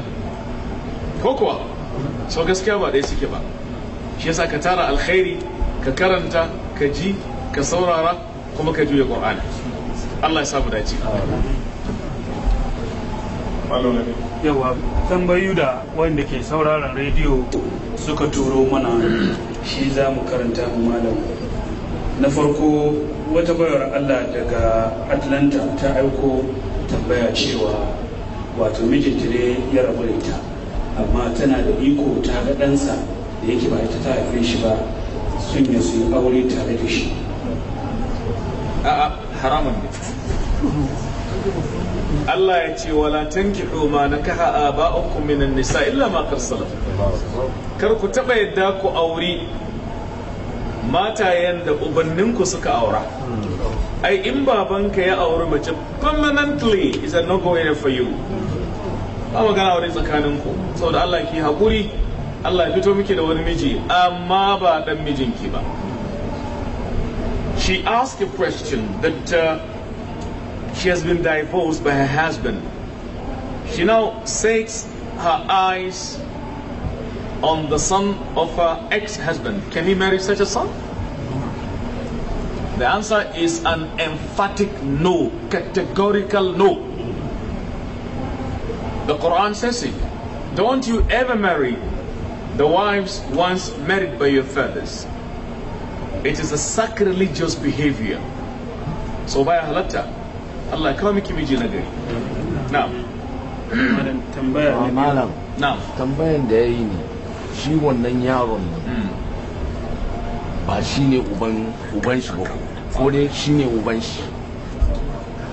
ko kuwa sau gaskiya ba ɗaya suke ba shi yasa ka tara alkhairi ka karanta ka ji ka saurara kuma ka juya ƙwar'ani Allah ya samu dace. yawa tambayu da wanda ke sauraron rediyo suka turo mana shi za mu karanta mu malam na farko wata bayar allah daga atlanta ta aiko tambaya cewa wato mijinta ne ya rabu da ita amma tana da iko ta ga ɗansa da yake ba ita ta haife shi ba sun yi su yi aure tare da shi a'a haramun Allah ya ce wala tankihu ma nakaha aba'ukum minan nisa illa ma karsala kar ku taba yadda ku aure matayen da ubanninku suka aura ai in babanka ya auri mace permanently is a no go in for you ba magana aure tsakaninku saboda Allah ki haƙuri Allah ya fito miki da wani miji amma ba dan mijinki ba she asked a question that uh, She has been divorced by her husband. She now sets her eyes on the son of her ex-husband. Can he marry such a son? The answer is an emphatic no, categorical no. The Quran says it. Don't you ever marry the wives once married by your fathers. It is a sacrilegious behavior. So by Allah, Allah kawo miki miji na gari na'am malam tambaya ah, malam na'am tambayan da yayi ne shi wannan yaron nan hmm. ba shi ne uban shi ba ko dai shi ne uban shi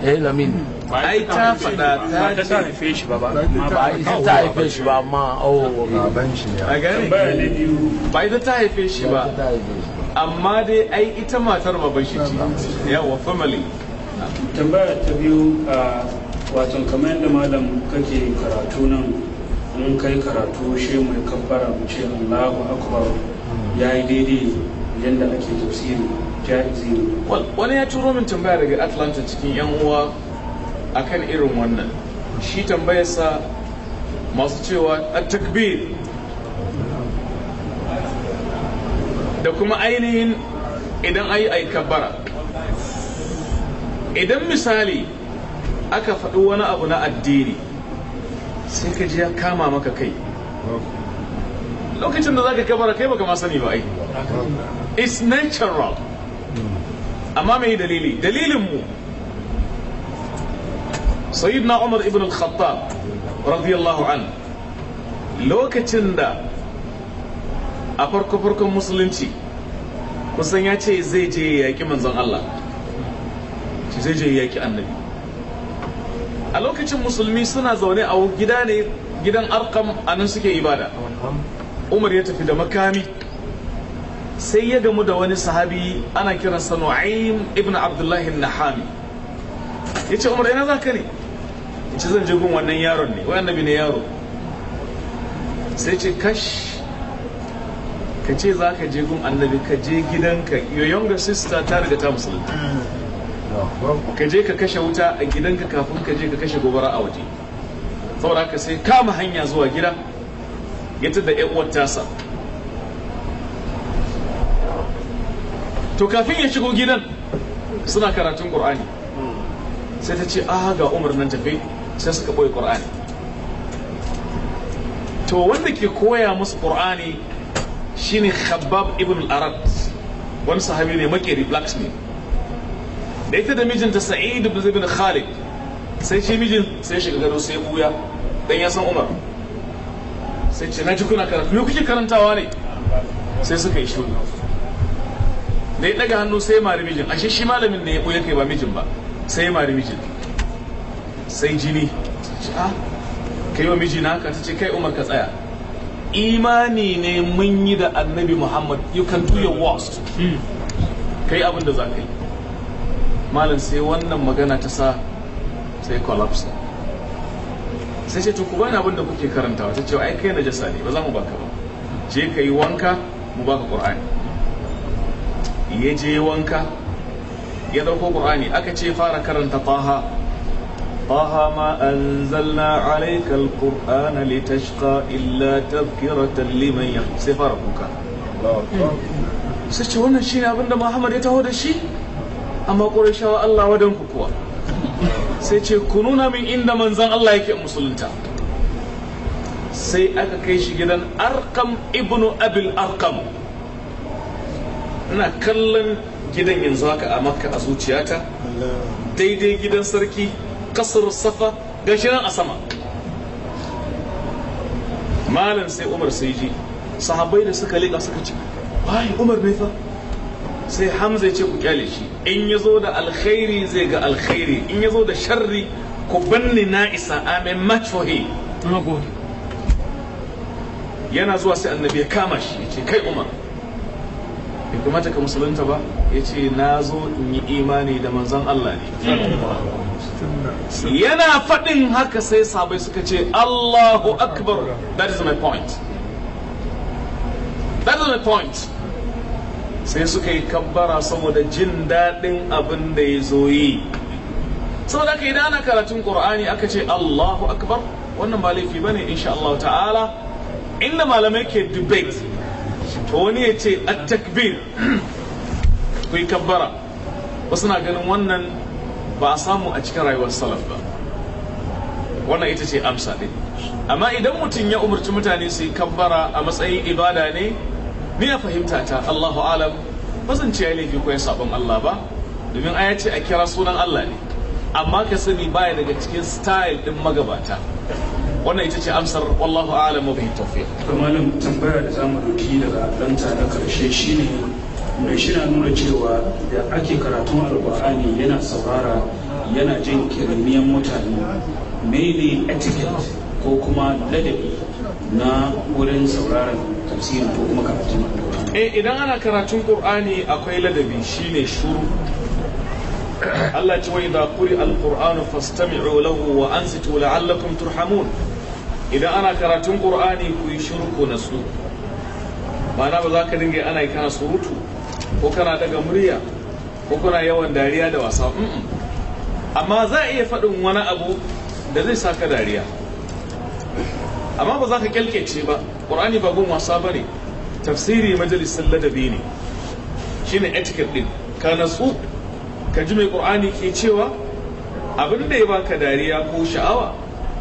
eh lamin ai ta fada ta ta haife shi ba ba ba ita ta haife shi ba amma oh, oh, oh. baban shi ne a gane ba ita ta haife shi ba amma dai ai ita matar baban shi ce yawa family tambaya ta biyu a wato kamar yadda malam kake karatu nan in kai karatu shi mai kabbara mu ce allahu akbar ya yi daidai yadda ake tafsiri jaizi wani ya turo min tambaya daga atlanta cikin yan uwa akan irin wannan shi tambayarsa masu cewa a takbir da kuma ainihin idan ayi ayi kabbara idan misali aka faɗi wani abu na addini sai ka ji ya kama maka kai lokacin da za ka kabara kai baka ma sani ba ai it's natural amma mai dalili dalilin mu sayyidina umar ibn al-khattab radiyallahu an lokacin da a farko farkon musulunci kusan ya ce zai je yaƙi manzon Allah zai je yaki annabi a lokacin musulmi suna zaune a gida ne gidan arkam a nan suke ibada umar ya tafi da makami sai ya gamu da wani sahabi ana sa nu'aym ibn abdullahi nahami ya ce umar yana za ka ne ya ce zan gun wannan yaron ne wai nabi ne yaro sai ce kash ka ce za ka je gun annabi ka je gidanka your younger sister ta riga ta musulunta ka je ka kashe wuta a gidanka kafin ka je ka kashe gobara a waje saboda ka sai kama hanya zuwa gida ya da yan uwar tasa to kafin ya shigo gidan suna karatun qur'ani sai ta ce a ga umar nan tafi sai suka boye qur'ani to wanda ke koya musu qur'ani shine khabbab ibn al-arad wani sahabi ne makeri blacksmith da ita da mijinta sa'id ibn khalid sai shi mijin sai shiga gado sai buya dan ya san umar sai ce na ji kuna karatu me kuke karantawa ne sai suka yi shiru da ya daga hannu sai mari mijin ashe shi malamin ne ya buya kai ba mijin ba sai mari mijin sai jini a kai wa miji na ta ce kai umar ka tsaya imani ne mun yi da annabi muhammad you can do your worst kai abin da za ka yi malam sai wannan magana ta sa sai collapse sai ce to ku bani abin da kuke karantawa ta ce ai kai na jasa ne ba za mu baka ba je ka yi wanka mu baka qur'ani ya je wanka ya dauko qur'ani aka ce fara karanta taha طه ما أنزلنا عليك القرآن لتشقى إلا تذكرة لمن يخشى فرقك sai ce wannan shine abin da Muhammad ya taho da shi amma ƙurashawa Allah wadan ku kuwa sai ce ku nuna min inda manzan Allah yake musulunta sai aka kai shi gidan arkam ibnu abil arkam ina kallon gidan yanzu haka a makka a zuciyata daidai gidan sarki kasar safa gashi nan a sama malam sai umar sai ji sahabai da suka leƙa suka ce wai umar ne fa sai hamza ya ce ku kyale shi in ya zo da alkhairi zai ga alkhairi in ya zo da sharri ku banni na isa amen much for him yana zuwa sai annabi ya kama shi ya ce kai umar bai kamata ka musulunta ba ya ce na zo in yi imani da manzan Allah ne yana faɗin haka sai sabai suka ce Allahu akbar that is my point that is my point sai suka yi kabbara saboda jin daɗin abin da ya zo yi saboda ka da ana karatun ƙur'ani aka ce Allahu akbar wannan ba laifi ne insha Allah ta'ala inda malamai ke debate to wani ya ce a takbir ku yi kabbara wasu na ganin wannan ba a samu a cikin rayuwar salaf ba wannan ita ce amsa ɗin amma idan mutum ya umarci mutane su yi kabbara a matsayin ibada ne ni ya fahimta ta Allahu alam bazan ce ya laifi ko ya sabon Allah ba domin ya ce a kira sunan Allah ne amma ka sani baya daga cikin style din magabata wannan ita ce amsar wallahu alam wa bihi tawfiq to malam tambaya da zamu doki daga danta na karshe shine mai shina nuna cewa da ake karatun alqur'ani yana saurara yana jin kirmiyan mutane mene etiquette ko kuma ladabi na wurin sauraron tafsiri ko kuma karatun eh idan ana karatun qur'ani akwai ladabi shine shuru Allah ce wai da kuri alqur'anu fastami'u lahu wa ansitu la'allakum turhamun idan ana karatun qur'ani ku yi shuru ko nasu ma'ana ba za ka dinga ana kana surutu ko kana daga murya ko kana yawan dariya da wasa amma za a iya faɗin wani abu da zai saka dariya amma ba za ka kyalkece ba ƙorani ba gun wasa bane tafsiri majalisin ladabi ne shine etiket ɗin ka natsu ka ji mai ƙur'ani ke cewa abin da ya baka dariya ko sha'awa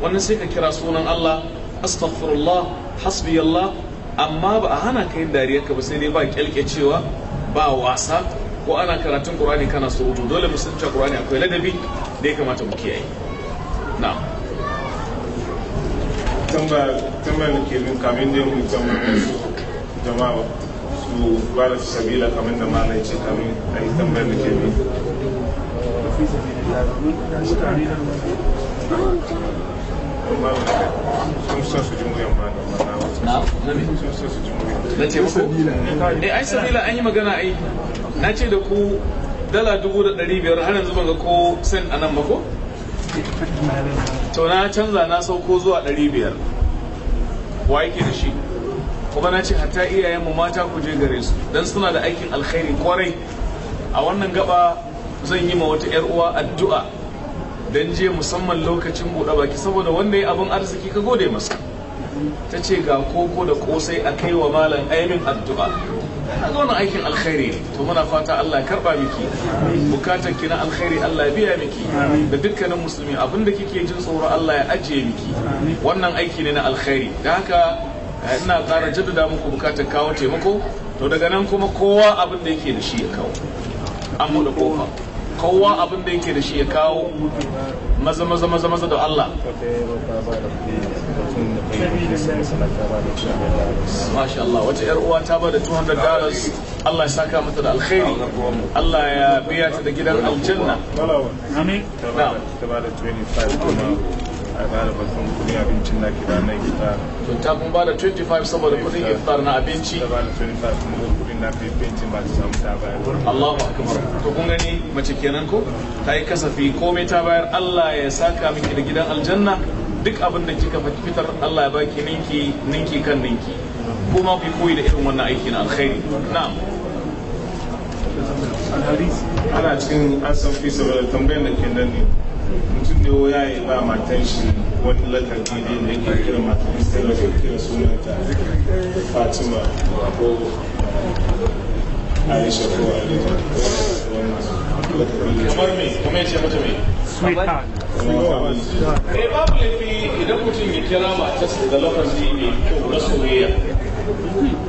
wani sai ka kira sunan Allah astaghfirullah hasbiyallah amma ba a hana ka yin dariya ka ba sai dai ba cewa ba wasa ko ana karatun ƙur'ani kana surutu dole musulunci san akwai ladabi da ya kamata mu kiyaye na'am tambayar ke bin kamin da mu tambayar su jama'a su ba da sabila kamar da mana ce kamin a yi tambayar ke bin eh, ai sabila an yi magana ai na ce da ku dala dubu da ɗari biyar har yanzu ga ko sen a nan ba ko to na canza na sauko zuwa biyar wa yake da shi kuma na ce hatta iyayen mu mata ku je gare su dan suna da aikin alkhairi kwarai a wannan gaba zan yi ma wata yar uwa addu'a dan je musamman lokacin buɗe baki saboda wanda ya abin arziki ka gode masa ta ce ga koko da kosai a kai wa malam ainihin addu'a na aikin alkhairi to muna fata Allah karba miki bukatar ki na alkhairi Allah biya miki da dukkanin musulmi abin da kike jin tsoro Allah ya ajiye miki wannan aiki ne na alkhairi da haka eh, ina ƙara jaddada muku bukatar kawo taimako to daga nan kuma kowa abin da yake da shi ya kawo an buɗe kofa kowa abin da yake da shi ya kawo maza maza maza maza da Allah Masha Allah wata yar uwa ta bada 200 dollars Allah ya saka mata da alkhairi Allah ya biya ta da gidan aljanna amin a To ta kun ba da 25 saboda kudin iftar na abinci. na Allahu akbar. To kun gani mace kenan ko? Ta yi kasafi komai ta bayar Allah ya saka miki da gidan aljanna. duk abin da kika fitar Allah ya baki ninki ninki kan ninki kuma ku koyi da irin wannan aiki na alkhairi na'am ana cikin an san fi saboda tambayar da ke nan ne mutum ne ya yi ba matan shi wani lakabi ne da yake kira matan shi da yake kira fatima ko aisha ko kamar me kuma ya ce mata me sweetheart kai babu laifi idan mutum ya kira matarsa da lafazi mai kyau na soyayya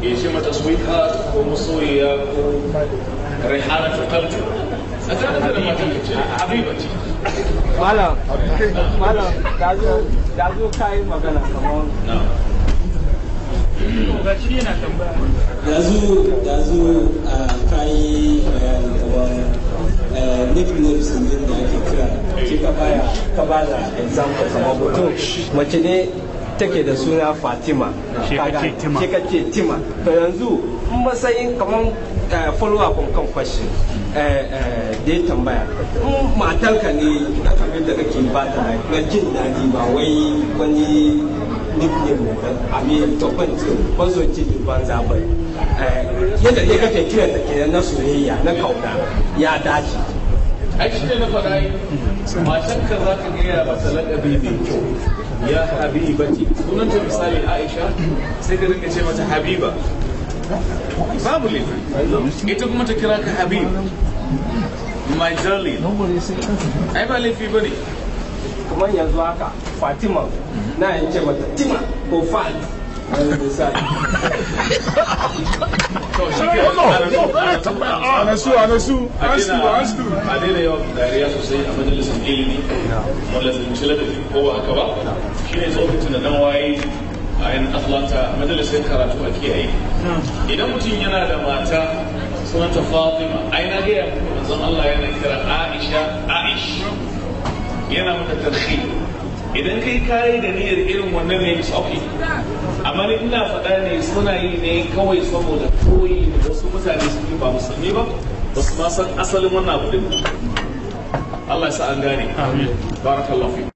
ya ce mata sweetheart ko masoyiya ko rihana ta a tare da matan ka ce habiba ce malam malam da zo kayi magana kamar da zo da zo ah, kayi kamar nicknames din da ake kira ce ka baya ka ba da example kamar mutum mace ne take da suna fatima ke ka ce tima to yanzu matsayin kamar eh, follow up kan question eh, eh, da ya tambaya matanka ne na kamar da kake ba ta na jin daɗi ba wai wani nickname a mi to kwanci kwanzo ce ne banza yadda ne kake kiran da ke na soyayya na kauna ya dace ai shi ne na faɗa yi matan ka za ka gaya masa laƙabi mai kyau ya habibati sunanta misali aisha sai ka rinka ce mata habiba babu ne. ita kuma ta kira ka habib my darling ai ba laifi ba ne kuma yanzu haka fatima na yance mata tima ko fat Anasu, anasu, anasu, A daina yawan dariya sosai a majalisar ilimi, malazinci ladabin kowa haka ba, shi ne tsofin da nan waye a yan Atlanta majalisar karatu a kiyaye. Idan mutum yana da mata sunanta Fatima, ai na gaya manzon Allah yana kira Aisha, Aish, yana mata tarhi. idan kai kayi da niyyar irin wannan ne is okay amma ni ina faɗa ne suna yi ne kawai saboda koyi da wasu mutane su ba musulmi ba wasu ma san asalin wannan abu din Allah ya sa an gane barakallahu